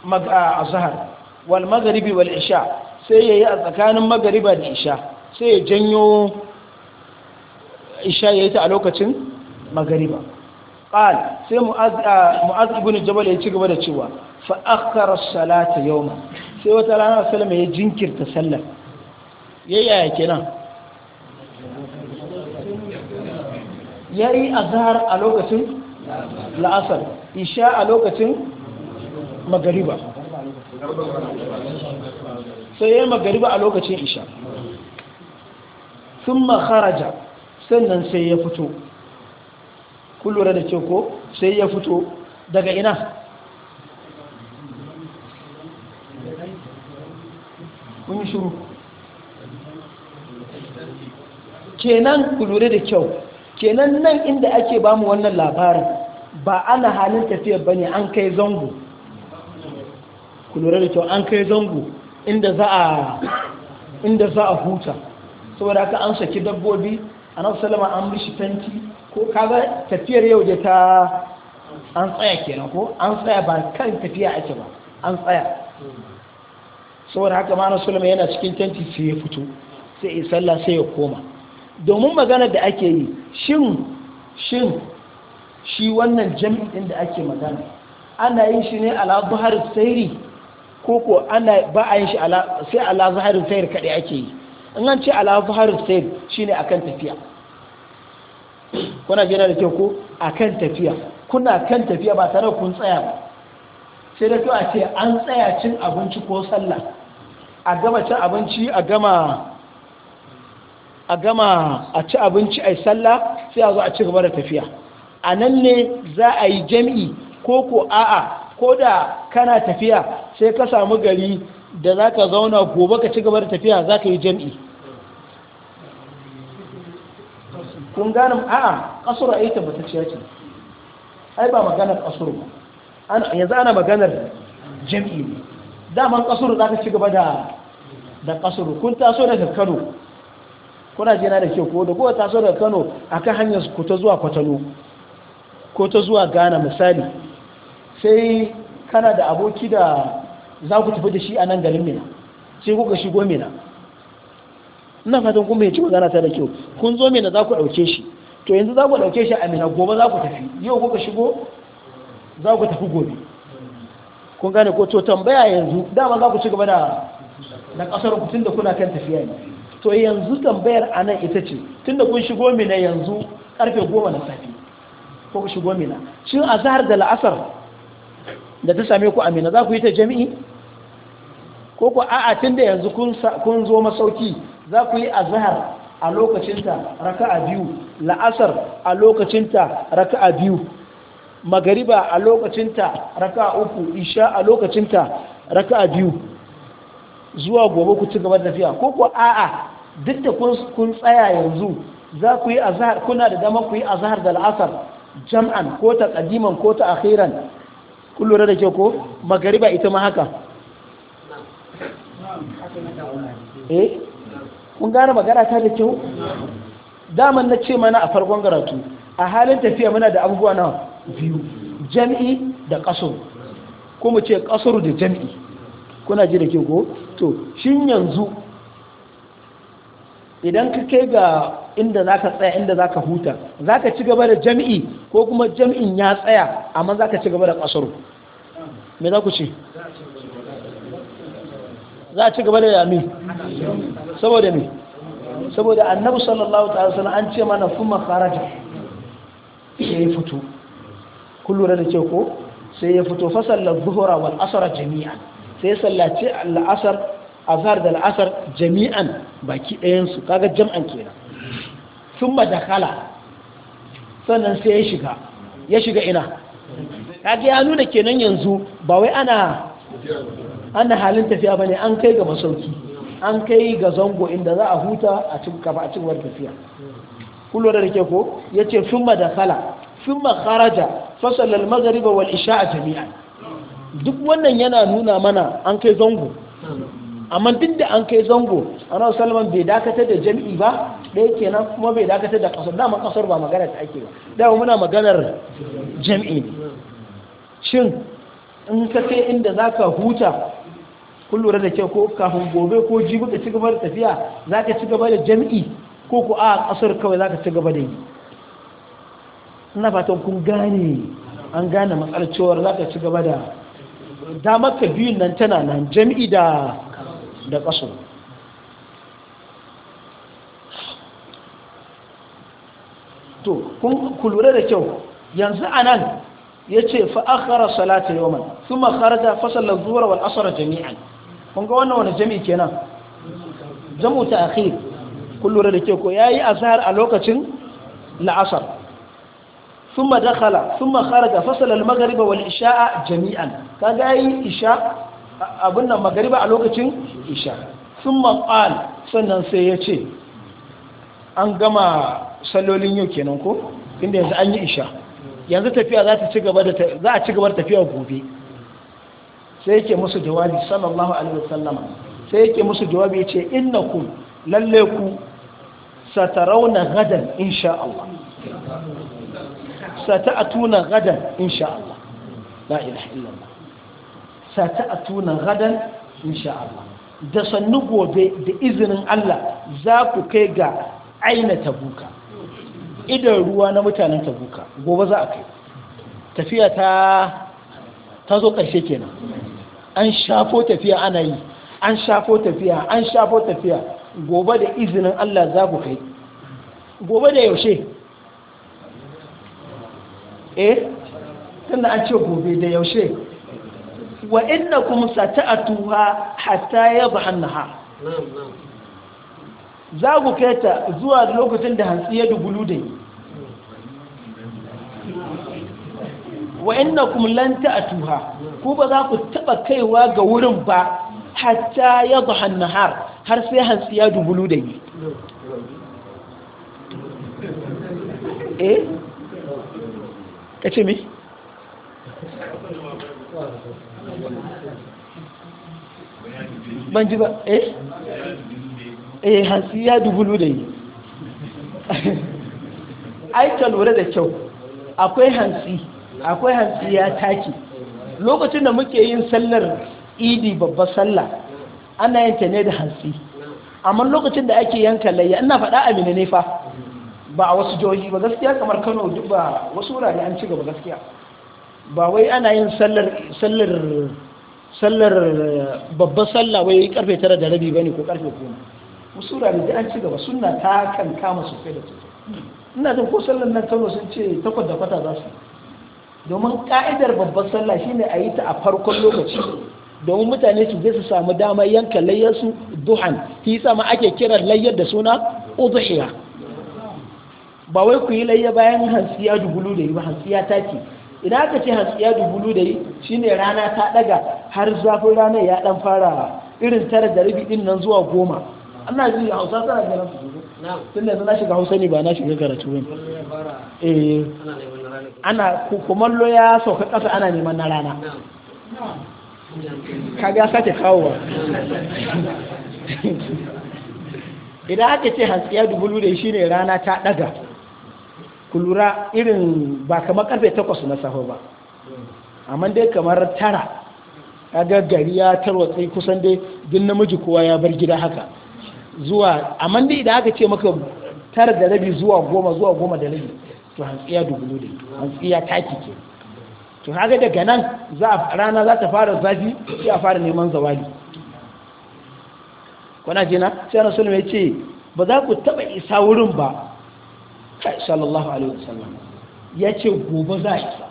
azhar wal maghribi wal isha sai yayi a tsakanin maghriba da isha sai ya janyo isha yayi ta a lokacin sai ya ci gaba da cewa Fa'akar salata yau yawma sai wata rana sallama ya jinkirta sallar yaya kenan yayi azahar a lokacin la'asar isha a lokacin magariba sai yayi magariba a lokacin isha thumma kharaja sannan sai ya fito kullura da ke ko sai ya fito daga ina mun yi shuru kenan ku lura da kyau kenan nan inda ake bamu wannan labarin ba ana halin tafiyar ba ne an kai zango ku lura da kyau an kai zango inda za a huta saboda haka an saki dabbobi a nan salama an mishi tanki ko kaga tafiyar yau da ta an tsaya kenan ko an tsaya ba kan tafiya ake ba an tsaya saboda haka ma sulama yana cikin tenti sai ya fito sai ya sallah sai ya koma domin magana da ake yi shin shin shi wannan jami'in da ake magana ana yin shi ne ala buhari sairi ko ko ana ba a yin shi ala sai ala buhari sairi kadai ake yi in an ce ala buhari sairi shine akan tafiya kuna jira da kyau ko akan tafiya kuna kan tafiya ba tare kun tsaya ba sai da a ce an tsaya cin abinci ko sallah a gama ci abinci a gama a gama a ci abinci a yi sallah sai a zo a ci gaba da tafiya a nan ne za a yi jam'i ko ko a'a ko da kana tafiya sai ka samu gari da za ka zauna gobe ka ci gaba da tafiya za ka yi jam'i kun ganin a'a kasar a yi bata ciya ce ai ba maganar kasar ba yanzu ana maganar jam'i ne daman kasuru za ka ci gaba da da kasuru kun taso daga kano kuna jina da kyau ko da kowa taso daga kano a kan hanyar ku ta zuwa kwatano ko ta zuwa ghana misali sai kana da aboki da za ku tafi da shi a nan garin mina sai kuka shigo mina ina fatan kun bayyace magana ta da kyau kun zo mina za ku ɗauke shi to yanzu za ku ɗauke shi a mina gobe za ku tafi yau ga shigo za ku tafi gobe kun gane ko to tambaya yanzu dama za ku ci gaba da na kasar ku tunda kuna kan tafiya ne to yanzu tambayar a nan ita ce tunda kun shigo mina yanzu karfe 10 na safe ko ku shigo mina shin azhar da la'asar da ta same ku amina za ku yi ta jami'i ko ku a'a tunda yanzu kun kun zo masauki za ku yi azhar a lokacinta raka'a biyu la'asar a lokacinta raka'a biyu magariba a lokacinta raka uku isha a lokacinta raka biyu zuwa gobe ku ci gaba da tafiya ko ko a'a duk da kun tsaya yanzu za ku yi azhar kuna da dama ku yi azhar da al'asar jam'an ko ta kadiman ko ta akhiran kun lura da kyau ko magariba ita ma haka eh kun gane magana ta da kyau daman na ce mana a farkon garatu. a halin tafiya muna da abubuwa nawa biyu jami'i da kasuru ko mu ce kasuru da jami'i kuna ji da ke ko to shin yanzu idan ka kai ga inda za ka tsaya inda za ka huta za ka ci gaba da jami'i ko kuma jami'in ya tsaya amma za ka ci gaba da kasuru me za ku ce za a ci gaba da yami saboda me saboda annabu sallallahu ta'ala an ce mana kuma kharaja ya ya fito kun lura da ce ko sai ya fito sallar zuhura wal asara jami'an sai ya sallace al'asar azhar da al'asar jami'an baki ɗayansu kaga jam'an kenan sun kala sannan sai ya shiga ya shiga ina kaga ya nuna kenan yanzu ba wai ana ana halin tafiya ba ne an kai ga masauki an kai ga zango inda za a huta a cikin kafa a cikin tafiya kullu da ke ko yace sun kala sun kharaja Fasalar al-maghriba wal a jami'a. duk wannan yana nuna mana an kai zango amma duk da an kai zango ana salman bai dakatar da jami'i ba ɗaya kenan kuma bai dakatar da kasar dama kasar ba magana ta ake ba dama muna maganar jami'i. shin in ka kai inda za ka huta kun lura da kyau ko kafin gobe ko jibi ka ci da tafiya za ka ci gaba da jami'i? ko ku a kasar kawai za ka ci gaba da yi Ana fatan kun gane an gane matsalar cewar za ka ci gaba da damar ka biyun nan tana nan jami'i da da to kun kulura da kyau yanzu anan yace fa akhara salata yawman thumma kharaja fa salla dhuhra wal asr jami'an kun ga wannan wani jami'i kenan jamu kun lura da kyau ko yayi azhar a lokacin la'asar ثم دخل ثم خرج فصل المغرب والعشاء جميعا كاغا اي عشاء abin nan magariba a lokacin isha sun maƙal sannan sai ya ce an gama sallolin yau kenan ko inda yanzu an yi isha yanzu tafiya za a ci gaba da tafiya gobe sai yake musu jawabi sallallahu alaihi wasallama sai yake musu jawabi ya ce innakum lalle ku satarauna gadan insha Allah sata'atuna gadan insha Allah la ilaha illallah sata'atuna gadan insha Allah da sannu gobe da izinin Allah za ku kai ga aina tabuka idan ruwa na mutanen tabuka gobe za a kai tafiya ta ta zo ƙarshe kenan an shafo tafiya ana yi an shafo tafiya an shafo tafiya gobe da izinin Allah za ku kai gobe da yaushe eh tunda an ce gobe da yaushe wa inna kuma sata'atuha hatta yadhannaha za ku kai ta zuwa lokacin da hantsi ya dubulu da yi wa inna kuma lan ta'atuha ku ba za ku taba kaiwa ga wurin ba hatta yadhannaha har sai hansu ya dubulu da yi eh ka ce me ban ji ba eh eh hansu ya dubulu da yi aikin lura da kyau akwai hansi akwai hansi ya taki lokacin da muke yin sallar idi babbar sallah ana yanke ne da hansi amma lokacin da ake yanka layya ina faɗa a ne fa ba a wasu jihohi ba gaskiya kamar kano duk ba wasu wurare an ci gaba gaskiya ba wai ana yin sallar sallar sallar babban sallah wai karfe tara da rabi bane ko karfe goma wasu wurare da an ci gaba suna ta kan kama sosai da su ina jin ko sallar nan kano sun ce takwas da kwata za su domin ka'idar babban sallah shine a yi ta a farkon lokaci domin mutane su je su samu damar yanka layyarsu duhan shi sama ake kiran layyar da suna udhiya ba wai ku yi layya bayan hansiya dubulu da yi ba hansiya ta ce idan aka ce hansiya dubulu da yi shine rana ta daga har zafin rana ya dan fara irin tara da rabi din nan zuwa goma ana ji hausa tana da nan tun da na shiga hausa ne ba na shiga karatu ne eh ana ya sauka kasa ana neman na rana kaga ya sake kawowa idan aka ce haskiya dubulu da shi ne rana ta daga ku lura irin ba kamar karfe takwas na safe ba amma dai kamar tara kaga gari ya tsaye kusan dai din namiji kowa ya bar gida haka zuwa amma dai idan aka ce maka tara da rabi zuwa goma zuwa goma da rabi to hantsiya dubulu da hantsiya taki ke to haka daga nan rana za ta fara zafi sai a fara neman zawali kuna jina sai na sulma ce ba za ku taɓa isa wurin ba sallallahu alaihi wasallam ya ce gobe za a isa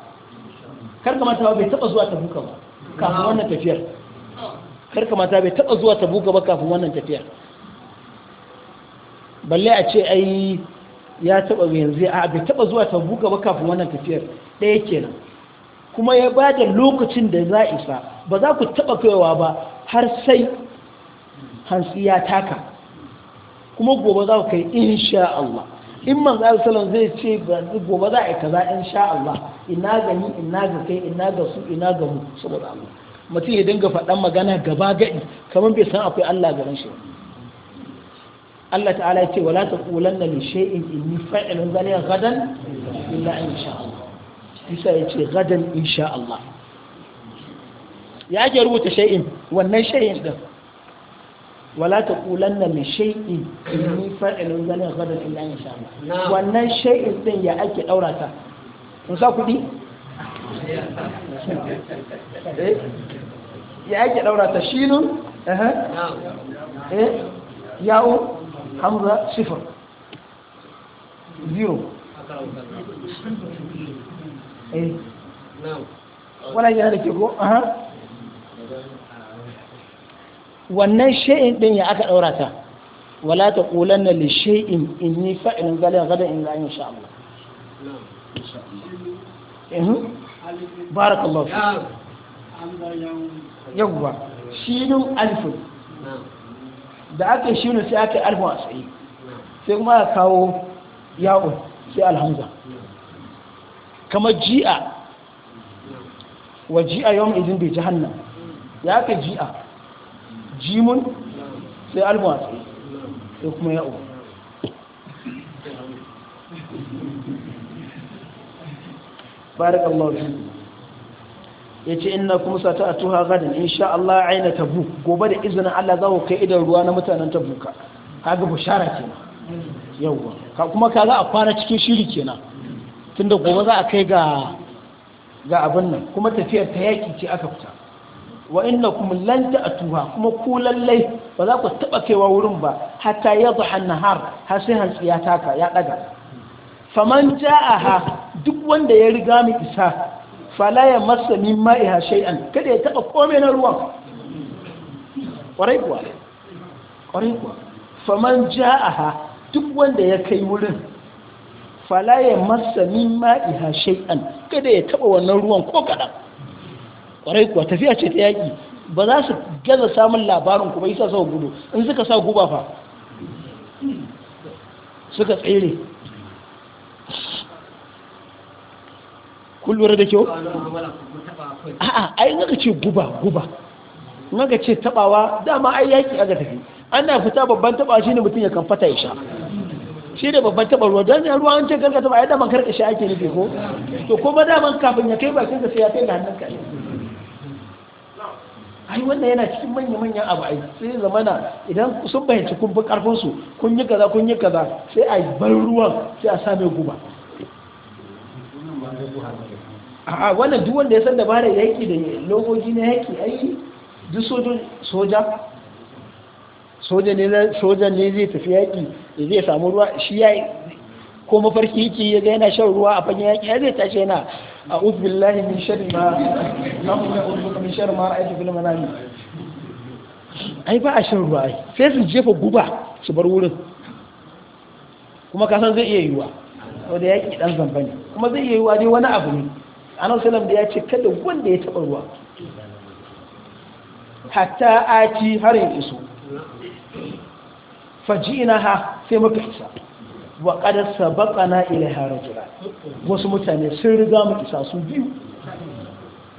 kar kamata bai taɓa zuwa tabuka ba kafin wannan tafiyar kar bai taba zuwa tabuka ba kafin wannan tafiyar balle a ce ai ya taɓa yanzu a bai taɓa zuwa tabuka ba kafin wannan tafiyar ɗaya kenan kuma ya ba da lokacin da za isa ba za ku taɓa kaiwa ba har sai hansi ya taka kuma gobe za ku kai insha Allah in manzo sallallahu zai ce gobe za a yi kaza insha Allah ina gani ina ga kai ina ga su ina ga mu saboda Allah mutum ya dinga faɗan magana gaba gadi kamar bai san akwai Allah garin shi Allah ta'ala ya ce wala taqulanna li shay'in inni fa'ilun zalika gadan illa in Allah isa ya ce gadan insha Allah ya ke rubuta shay'in wannan shay'in din wala ta kulan na mai shay'in ni fa'ilun ganin gadan illa insha Allah wannan shay'in din ya ake daura ta in sa kudi ya ake daura ta shinun eh yawo hamza sifar zero eh wani gina da ke ko aha wannan shay'in din ya aka daura ta wala ta qulanna li shay'in inni fa'ilun zalika gadan in la insha Allah eh barakallahu fi yawwa shidun alif da aka shinu sai aka alif a sai sai kuma ya kawo ya'un sai alhamza kamar ji'a wa ji'a yawon izin bai hannun ya ka ji'a jimun sai albuwa sai kuma ya'o barik Allah ya ce ina kuma sata a tuha gadin insha Allah aina tabu gobe da izinin Allah za ku kai idan ruwa na mutanen tabuka ga bushara kenan yauwa kuma ka za a kwana cikin shiri kenan tunda gobe za a kai ga ga abin nan kuma tafiyar ta yaki ce aka fita wa inna kuma lan tuha kuma ku lallai ba za ku taɓa kaiwa wurin ba Hata ya zuha nahar har sai hantsi ya taka ya ɗaga faman ja'aha duk wanda ya riga mu isa fala ya masa min ma'iha shay'an kada ya taɓa komai na ruwan ƙwarai kuwa ƙwarai kuwa faman ja'aha duk wanda ya kai wurin fala ya masa min ha shay'an kada ya taba wannan ruwan ko kadan kwarai kuwa tafiya ce ta yaki ba za su gaza samun labarin kuma isa sa gudu in suka sa guba fa suka tsere kullura da kyau a'a ai naka ce guba guba naka ce tabawa dama ai yaki aga tafi ana fita babban tabawa shine mutum ya kan fata ya sha shi ne babban taɓa ruwa don ya ruwa an ce karka taɓa ya daman karkashi ake nufi ko to kuma daman kafin ya kai bakin da sai ya kai da hannun ka ai wannan yana cikin manya-manyan abu ai sai zamana idan sun bayanci kun fi karfin su kun yi kaza kun yi kaza sai a bar ruwan sai a same guba a wannan duk wanda ya san dabarar yaki da logoji na yaki ai duk soja soja ne zai tafi yaki da zai samu ruwa shi ya ko mafarki yake ya ga yana shan ruwa a fagen yaki ya zai tashi yana a uzbillahi min sharri ma na kuma uzbuka min sharri ma ra'aytu fil manami ai ba a shan ruwa sai su jefa guba su bar wurin kuma kasan zai iya yiwa da yaki dan zamba ne kuma zai iya yiwa dai wani abu ne annabi sallallahu da ya ce kada wanda ya taɓa ruwa hatta aci har ya iso fajinaha sai muka isa wa qad sabaqana ilaiha rajula wasu mutane sun riga mu isa su biyu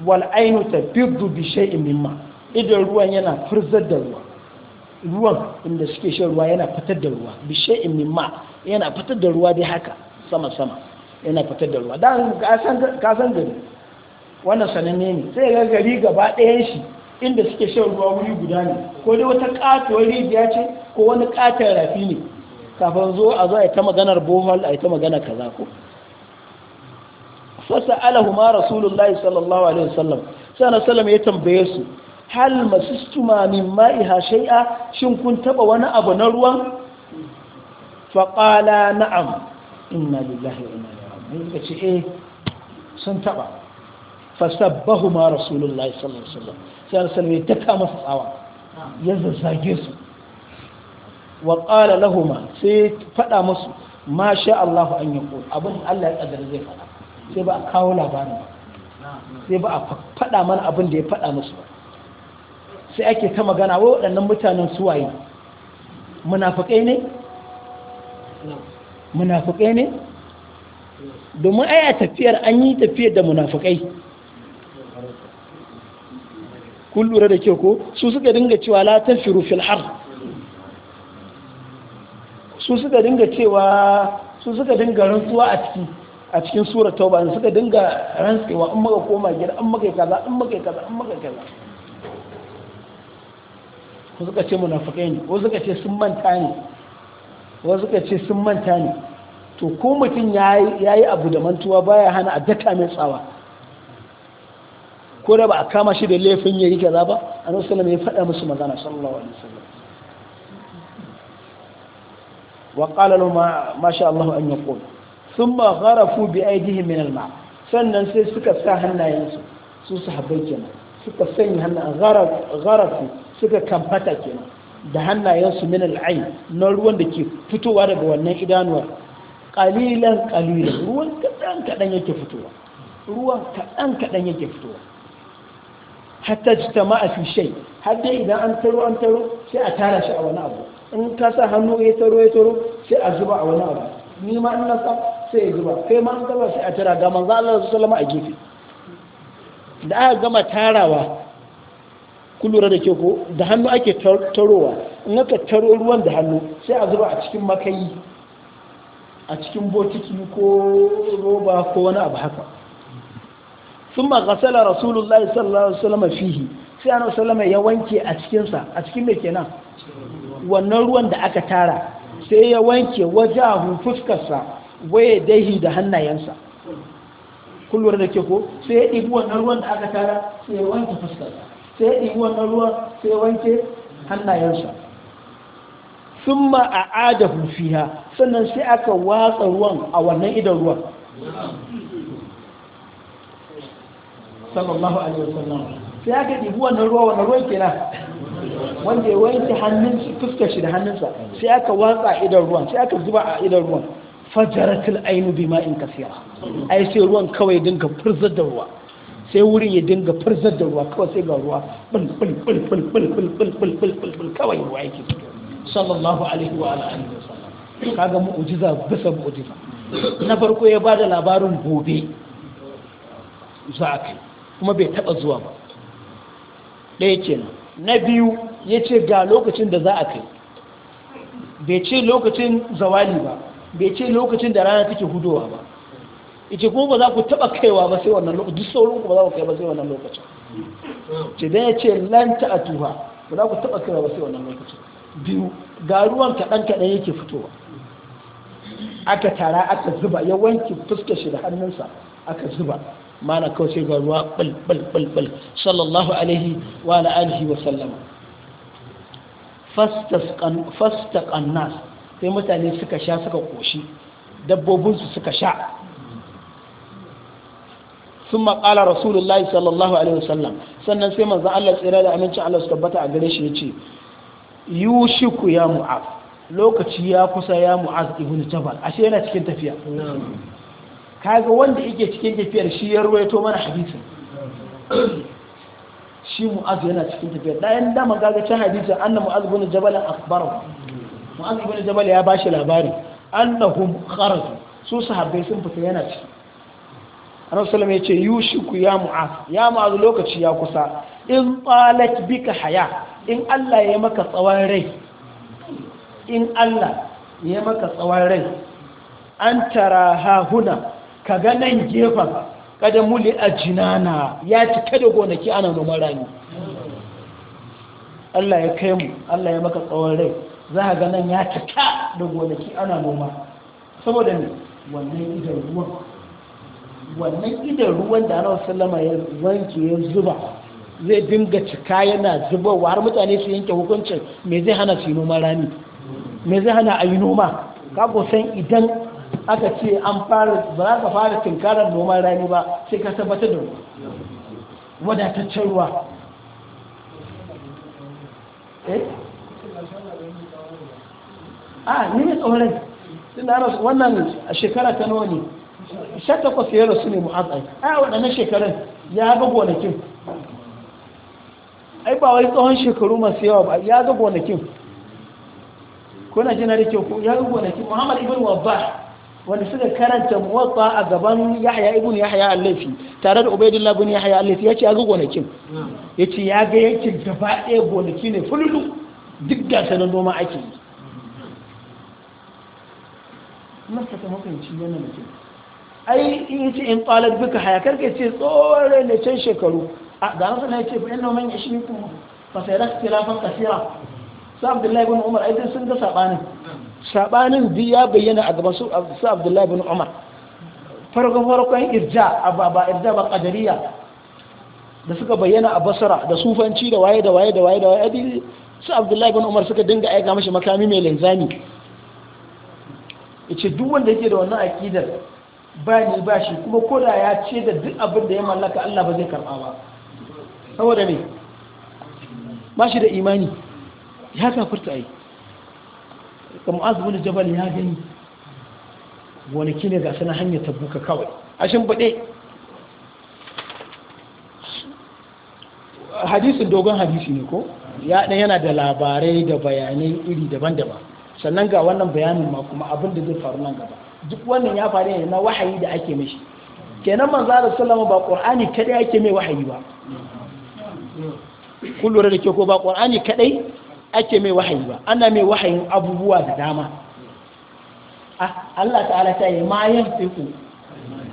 wal ainu tabiddu bi shay'in mimma idan ruwan yana furzar da ruwa ruwan inda suke shan ruwa yana fitar da ruwa bi shay'in mimma yana fitar da ruwa dai haka sama sama yana fitar da ruwa dan ka san gari wannan sananne ne sai ga gari gaba ɗayan shi inda suke shan ruwa wuri guda ne ko dai wata katuwar rijiya ce ko wani katon rafi ne kafin zo a zo a yi ta maganar bohol a yi ta maganar kaza ko fasa alahuma rasulullahi sallallahu alaihi wasallam sana salam ya tambaye su hal masistuma min ma'iha shay'a shin kun taba wani abu na ruwa? fa qala na'am inna lillahi wa inna ilaihi raji'un ne ce eh sun taba fasabbahuma rasulullahi sallallahu alaihi wasallam sai an salme ta ta masa tsawa ya zage su wa ƙala lahuma sai faɗa musu ma sha Allah an yi ko abin Allah ya ƙadar zai faɗa sai ba a kawo labarin ba sai ba a faɗa mana abin da ya faɗa musu ba sai ake ta magana wai waɗannan mutanen suwaye munafukai ne munafukai ne domin ai a tafiyar an yi tafiyar da munafukai kun lura da kyau ko su suka dinga cewa la tafiru fil har su suka dinga cewa su suka dinga rantsuwa a ciki a cikin sura tauba suka dinga rantsuwa an maka koma gida an maka kaza an maka kaza an maka kaza ko suka ce munafikai ne ko suka ce sun manta ne ko suka ce sun manta ne to ko mutum ya yi abu da mantuwa baya hana a daka mai tsawa ko da ba a kama shi da laifin yayi kaza ba annabi sallallahu ya faɗa musu magana sallallahu alaihi wasallam wa qala lahu ma sha Allah an yaqul thumma gharafu bi aydihim min al-ma sannan sai suka sa hannayensu su sahabbai kenan suka sanya hannayen gharafu suka kamfata kenan da hannayensu min al'ain na ruwan da ke fitowa daga wannan idanuwar ƙalilan ƙalilan ruwan kaɗan kaɗan yake fitowa ruwan kaɗan kaɗan yake fitowa hatta jitama fi shai har idan an taro an taro sai a tara shi a wani abu in ka sa hannu ya taro ya taro sai a zuba a wani abu ni ma ina sa sai ya zuba kai ma an tara sai a tara ga manzo Allah su alaihi a gefe da aka gama tarawa kulura da ke ko da hannu ake tarowa in aka taro ruwan da hannu sai a zuba a cikin makayi a cikin botiki ko roba ko wani abu haka sun ma gasala rasulullahi sallallahu alaihi wasallam fihi sai annabi sallama ya wanke a cikinsa a cikin me kenan wannan ruwan da aka tara sai ya wanke wajahu fuskarsa waye dahi da hannayensa kullum da ke ko sai ya ɗibi wannan ruwan da aka tara sai ya wanke fuskarsa sai ya ɗibi wannan ruwan sai ya wanke hannayensa sun ma a adahu fiha sannan sai aka watsa ruwan a wannan idan ruwan sallallahu alaihi wasallam sai aka ɗibi wannan ruwa wannan ruwan kenan wanda ya wanke hannun fuskar shi da hannunsa sai aka watsa idan ruwan sai aka zuba a idan ruwan fajaratul ainu bima in kasiya ai sai ruwan kawai dinga furzar da ruwa sai wurin ya dinga furzar da ruwa kawai sai ga ruwa bul bul bul bul bul bul bul bul bul bul bul kawai ruwa yake fito sallallahu alaihi wa alihi wasallam kaga mu'jiza bisa mu'jiza na farko ya bada labarin gobe za a kai kuma bai taɓa zuwa ba ɗaya kenan na biyu ya ce ga lokacin da za a kai bai ce lokacin zawali ba bai ce lokacin da rana take hudowa ba ice kuma ba za ku taba kaiwa ba sai wannan lokacin duk sauran ku ba za ku kai ba sai wannan lokacin ce dan ya ce lanta a tuha ba za ku taba kaiwa ba sai wannan lokacin biyu ga ruwan kaɗan kaɗan yake fitowa aka tara aka zuba ya wanke fuskar shi da hannunsa aka zuba mana kawai sai ga ruwa bal bal bal sallallahu alaihi wa ala alihi wa sallama fastasqan fastaqan nas sai mutane suka sha suka koshi dabbobin su suka sha ثم قال رسول sallallahu alaihi wa sallam. sannan sai manzon Allah tsira da amincin Allah su tabbata a gare shi yace yushiku ya mu'az lokaci ya kusa ya mu'az ibn jabal ashe yana cikin tafiya kaga wanda yake cikin tafiyar shi ya ruwaito mana hadisin shi mu'az yana cikin tafiyar dayan dama kaga can hadisin anna mu'az bin jabal akbaru mu'az bin jabal ya bashi labari annahum kharaju su sahabbai sun fita yana ciki rasulullah ya ce yushiku ya mu'az ya mu'az lokaci ya kusa in qalat bika haya in Allah ya maka tsawon rai in Allah ya maka tsawon rai an tara huna ka ga nan gefen kada muli a jinana ya cika da gonaki ana noman rani Allah ya kai mu Allah ya maka tsawon rai za a ga nan ya cika da gonaki ana noma saboda ne wannan idan ruwan wannan idan ruwan da ana sallama ya wanke ya zuba zai dinga cika yana zubarwa har mutane su yanke hukuncin me zai hana su yi noma rani me zai hana a yi noma kago san idan aka ce an fara ba za ka fara tunkarar noman rani ba sai ka tabbatar da wadataccen ruwa eh a ah, ni ne tsoron tun da wannan shekara ta nawa ne sha takwas ya rasu ne mu'azzai a ah, waɗannan shekarun ya ga gonakin ai ba wai tsohon shekaru masu yawa ba ya ga gonakin kuna jina da kyau ya ga gonakin muhammad ibn wabba wanda suka karanta motsa a gaban yahya ibn yahya al-laifi tare da ubaidullah ibn yahya al-laifi yace ya ga gonakin yace ya ga yankin gaba ɗaya gonaki ne fululu duk da na noma ake yi masa ta makanci wannan mutum ai in yace in talat bika haya ka ce tsore ne can shekaru a ga nan sai ce fa inna man yashmikum fa sayara ikhtilafan kaseera sa abdullahi ibn umar aidan sun ga sabanin sabanin duk ya bayyana a gaban su abdullahi bin umar farko farkon irja ba irja ba qadariya da suka bayyana a basara da sufanci da waye da waye da waye da waye su abdullahi bin umar suka dinga aika mashi makami mai linzami yace duk wanda yake da wannan aqidar ba ni ba shi kuma koda ya ce da duk abin da ya mallaka Allah ba zai karba ba saboda ne ba shi da imani ya a ai ga mu'az bin jabal ya gani wani kine ga suna hanyar tabbuka kawai a baɗe hadisin dogon hadisi ne ko ya ɗan yana da labarai da bayanai iri daban-daban sannan ga wannan bayanin ma kuma abin da zai faru nan gaba duk wannan ya faru ne na wahayi da ake mishi kenan manzo da sallama ba qur'ani kadai ake mai wahayi ba Kullum da ke ko ba qur'ani kadai ake mai wahayi ba ana mai wahayin abubuwa da dama ah, Allah ta'ala ta yi ma yanfiku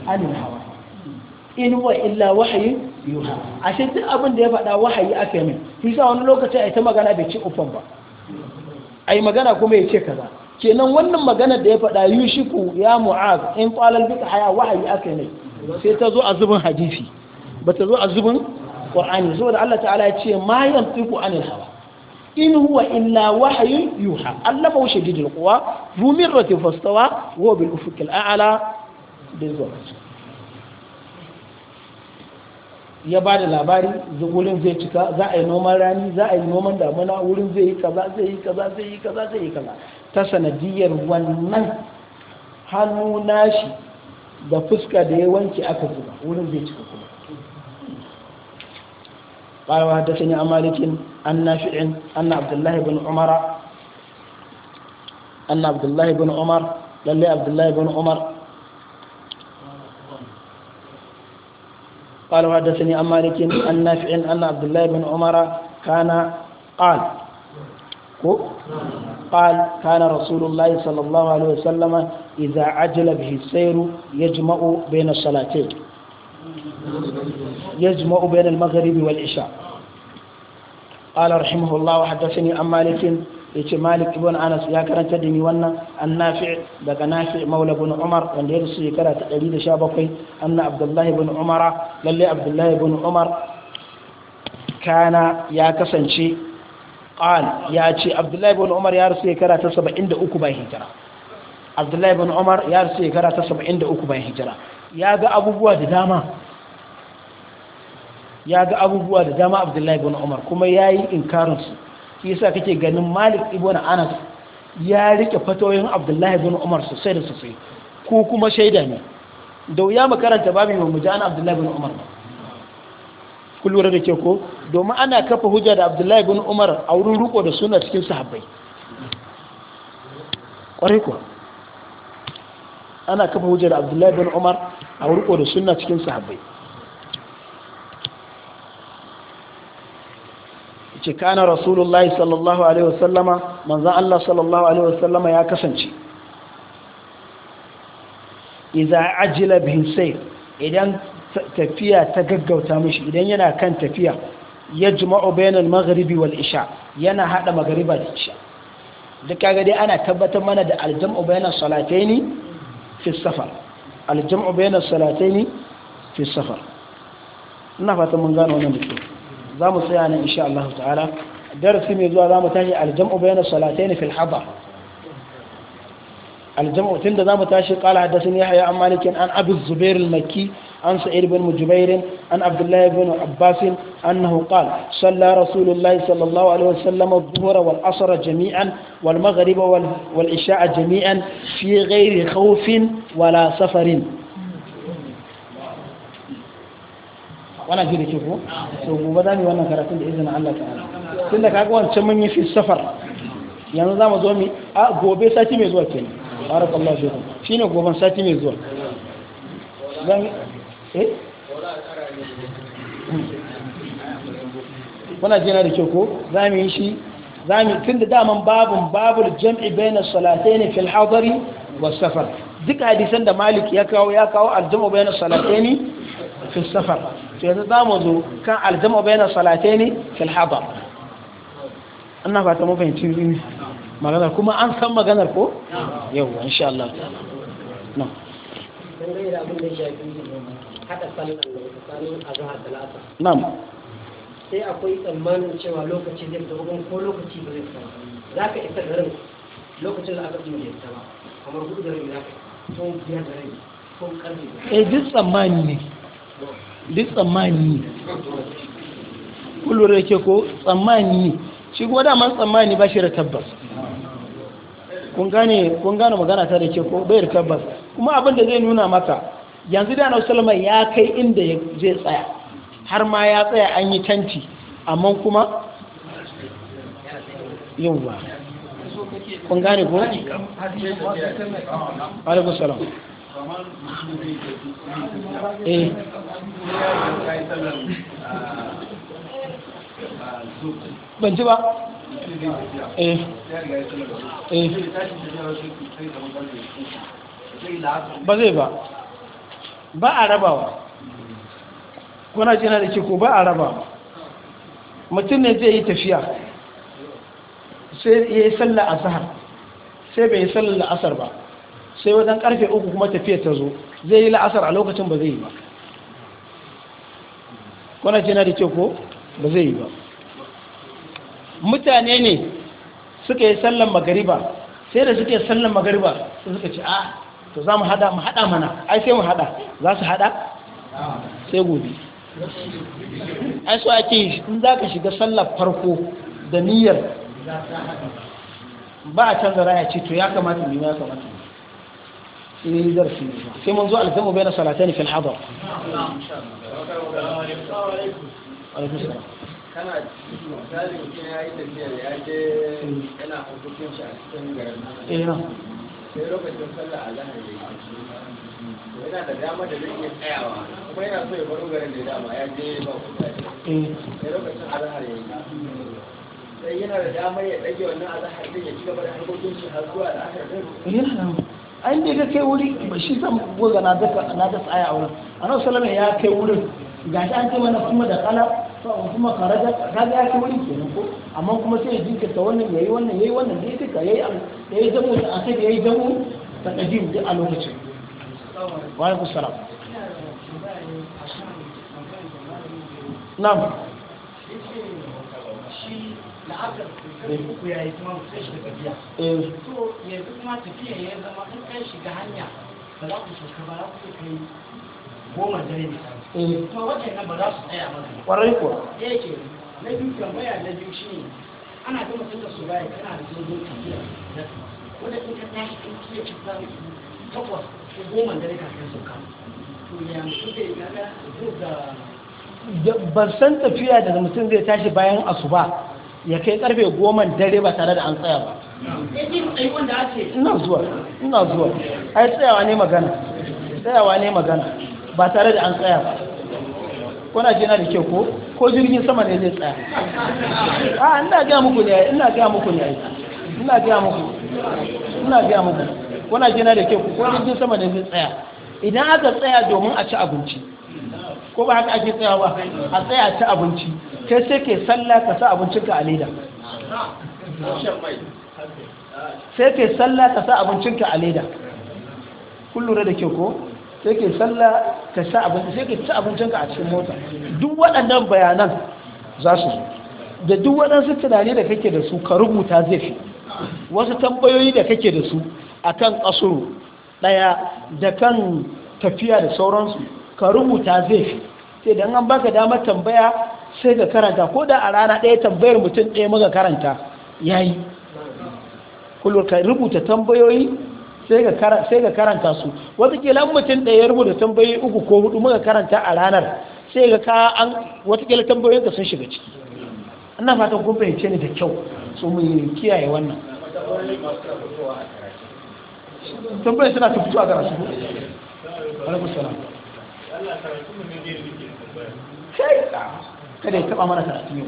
anil hawa in wa illa wahayi yuha ashe duk abin da ya faɗa wahayi ake mai shi sa wani lokaci a ita magana bai ce ufan ba yi magana kuma ya ce kaza kenan wannan magana da ya faɗa yushiku ya mu'az in falal bika haya wahayi ake mai sai ta zo a zubin hadisi ba ta zo a zubin qur'ani saboda Allah ta'ala ya ce ma yanfiku anil hawa in huwa illa wahayin yuha Allah ba shadidul quwa zu mirratin fastawa wa bil al a'la bizawaj ya ba da labari wurin zai cika za a yi noman rani za a yi noman damuna wurin zai yi kaza zai yi kaza zai yi kaza zai yi kaza ta sanadiyar wannan hannu nashi da fuska da ya wanke aka zuba wurin zai cika kuma قال وحدثني عن مالك عن نافع أن عبد الله بن عمر أن عبد الله بن عمر للي عبد الله بن عمر قال وحدثني عن مالك عن نافع أن عبد الله بن عمر كان قال قال كان رسول الله صلى الله عليه وسلم إذا عجل به السير يجمع بين الصلاتين يجمع بين المغرب والعشاء قال رحمه الله وحدثني عن مالك yace Malik ibn Anas ya karanta da ni wannan an Nafi' daga Nafi' Maula ibn Umar wanda ya rusu shekara ta 117 anna Abdullah ibn Umar lalle Abdullah ibn Umar kana ya kasance qal ya ce Abdullah ibn Umar ya rusu ta 73 bayan hijira Abdullah ibn Umar ya rusu shekara ta 73 bayan hijira ya ga abubuwa da dama ya ga abubuwa da dama abdullahi ibn umar kuma ya yi inkarinsu shi yasa kake ganin malik ibn anas ya rike fatoyin abdullahi ibn umar sosai da sosai ko kuma shaida ne da wuya karanta babu mu ji ana abdullahi ibn umar ba lura da ke ko domin ana kafa hujja da abdullahi ibn umar a wurin riko da suna cikin sahabbai ƙwarai kuwa ana kafa hujjar abdullahi bin umar a riko da sunna cikin sahabbai ce kana rasulullahi sallallahu alaihi wasallama manzan Allah sallallahu alaihi wasallama ya kasance iza ajila bin sai idan tafiya ta gaggauta mishi idan yana kan tafiya ya juma'u bainal maghribi wal isha yana hada magariba da isha duk kaga dai ana tabbatar mana da aljam'u bainas salataini في السفر الجمع بين الصلاتين في السفر نفت من ذلك ونبكي ذا مصيانا إن شاء الله تعالى درس من ذو ذا متاجي الجمع بين الصلاتين في الحضر الجمع تند ذا متاشي قال حدثني يحيى عن مالك عن أبي الزبير المكي عن سعيد بن مجبير عن عبد الله بن عباس أنه قال صلى رسول الله صلى الله عليه وسلم الظهر والعصر جميعا والمغرب والعشاء جميعا في غير خوف ولا سفر وانا جيري كيفو سو بداني وانا كراتين باذن الله تعالى tunda kaga wancan mun yi fi safar yanzu zamu zo mi a gobe sati mai zuwa kenan barakallahu fiikum shine goben sati wana eh? jina da kyau ko za mu yi shi za mu tun da daman babin babul jam'i bayanar salatai ne fil hadari wa safar duk hadisan da malik ya kawo ya kawo aljama bayanar salatai ne fil safar to yanzu za mu zo kan aljama bayanar salatai ne fil hadar ina fata mu fahimci maganar kuma an san maganar ko yau insha Allah ta'ala dangane da abin da ya shafi haɗa sallah da tsakanin azhar da lasa sai akwai tsammanin cewa lokaci zai fita hukun ko lokaci ba zai fita za ka isa garin lokacin da aka fi mai fita ba kamar gudu da rabi ka ko biyar da rabi ko ba. eh duk tsammani ne duk tsammani ne kullum da ke ko tsammani ne shi kuma daman tsammani ba shi da tabbas kun gane magana ta da ke ko bayar tabbas kuma abin da zai nuna masa. yanzu da annabi salama ya kai inda zai tsaya har ma ya tsaya an yi tanti amma kuma yawwa kun gane ko alaikun salam eh. ban ji ba eh eh ba zai ba ba a rabawa kuna jina da ke ko ba a rabawa mutum ne zai yi tafiya sai ya yi sallah a zahar sai bai yi sallah la'asar ba sai wajen karfe uku kuma tafiya ta zo zai yi la'asar a lokacin ba zai yi ba kuna jina da ke ko ba zai yi ba mutane ne suka yi sallan magariba sai da suke sallan magariba sai suka ce a ah, to za mu hada mu hada mana ai sai mu hada za su hada sai gobe ai so ake in za ka shiga sallar farko da niyyar ba a canza raya ce to ya kamata mu ya kamata ne in darsi ne sai mun zo alfamu bai na salatani fil hadar kana misali mutum ya yi tafiya ya je yana hukuncin shi a cikin garin sai lokacin sallah a zahar ya yi yana da dama da zai iya tsayawa kuma yana so ya baro garin da ya dama ya je ba kusa eh. sai lokacin azahar ya yi sai yana da damar ya ɗage wannan azahar din ya ci gaba da harkokin shi har zuwa azahar An yana ga kai wuri ba shi zan buga na dasa na a aya a wurin annabi ya kai wurin gashi an ce mana kuma da kala to kuma karaja kaga ya ci wani kenan ko amma kuma sai ya jinkirta wannan yayi wannan wannan dai duka yayi yayi zamu ta akai yi zamu ta kadim a lokacin ya yi kuma mutum shi da tafiya. To kuma tafiya ya zama in kai shiga hanya ba za ku ba za ku goma dare misali eh. to nan ba za su tsaya ba Kwarai kuwa. ɗaya na biyu tambaya na biyu shi ne ana gama sun da su baya tana da sun tafiya wanda in ka tashi in cikin takwas ko goma dare kafin to ya gaga da ban san tafiya da mutum zai tashi bayan asuba ya kai karfe goma dare ba tare da an tsaya ba eh, ina zuwa ina zuwa ai tsayawa ne magana tsayawa ne magana ba tare da an tsaya ba kuna jina da kyau ko ko jirgin sama ne zai tsaya a ah, ina ga muku ne ina ga muku ne ina ga muku ina ga muku kuna jina da kyau ko jirgin sama ne zai tsaya idan aka tsaya domin a ci abinci ko ba haka ake tsaya ba a tsaya a ci abinci kai sai ke sallah ka sa abincin ka a leda sai ke sallah ka sa abincin ka a leda kun lura da kyau ko sai ke salla ka sha abinci sai ke ci abincinka a cikin mota duk waɗannan bayanan za su da duk waɗansu tunani da kake da su ka rubuta zai fi wasu tambayoyi da kake da su akan ƙasuru ɗaya da kan tafiya da sauransu ka rubuta zai fi sai da an baka damar tambaya sai ka karanta ko da a rana ɗaya tambayar mutum ɗaya muka karanta yayi kullum ka rubuta tambayoyi sai ga karanta su kila mutum ɗaya ya rubuta tambayi uku ko hudu muka karanta a ranar sai ga ka an kila tambayoyin ka sun shiga ciki ina fatan kun fahimce ni da kyau su mu kiyaye wannan tambayi suna ta fito a gara su alaikum salam kada ya taba mana karatu yau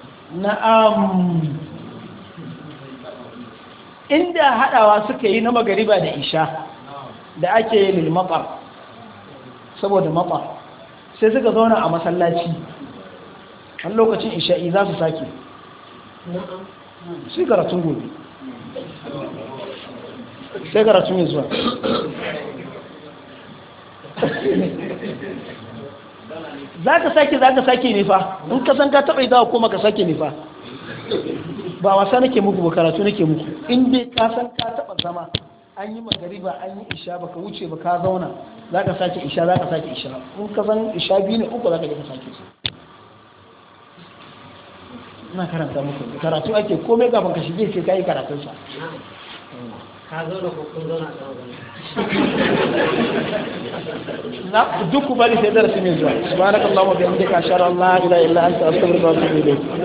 na'am inda haɗawa suka yi na magariba da isha da ake yi lil matsar saboda maɓar sai suka zauna a masallaci an lokacin isha'i za su sake sai karatun gobe sai karatun ya za ka sake za ka sake nifa in ka san ka taɓa idawa koma ka sake nifa ba wasa nake muku ba karatu nake muku in dai ka san ka taɓa zama an yi magariba an yi isha baka wuce ba ka zauna za ka sake isha za ka sake isha in ka san isha biyu ne uku za ka je ka sake su ina karanta muku karatu ake komai kafin ka shige sai ka yi karatunsa ka zauna ko kun zauna a sama duk ku bari sai darasi ne zuwa subhanakallahumma bihamdika ashhadu an la ilaha illa anta astaghfiruka wa atubu ilayk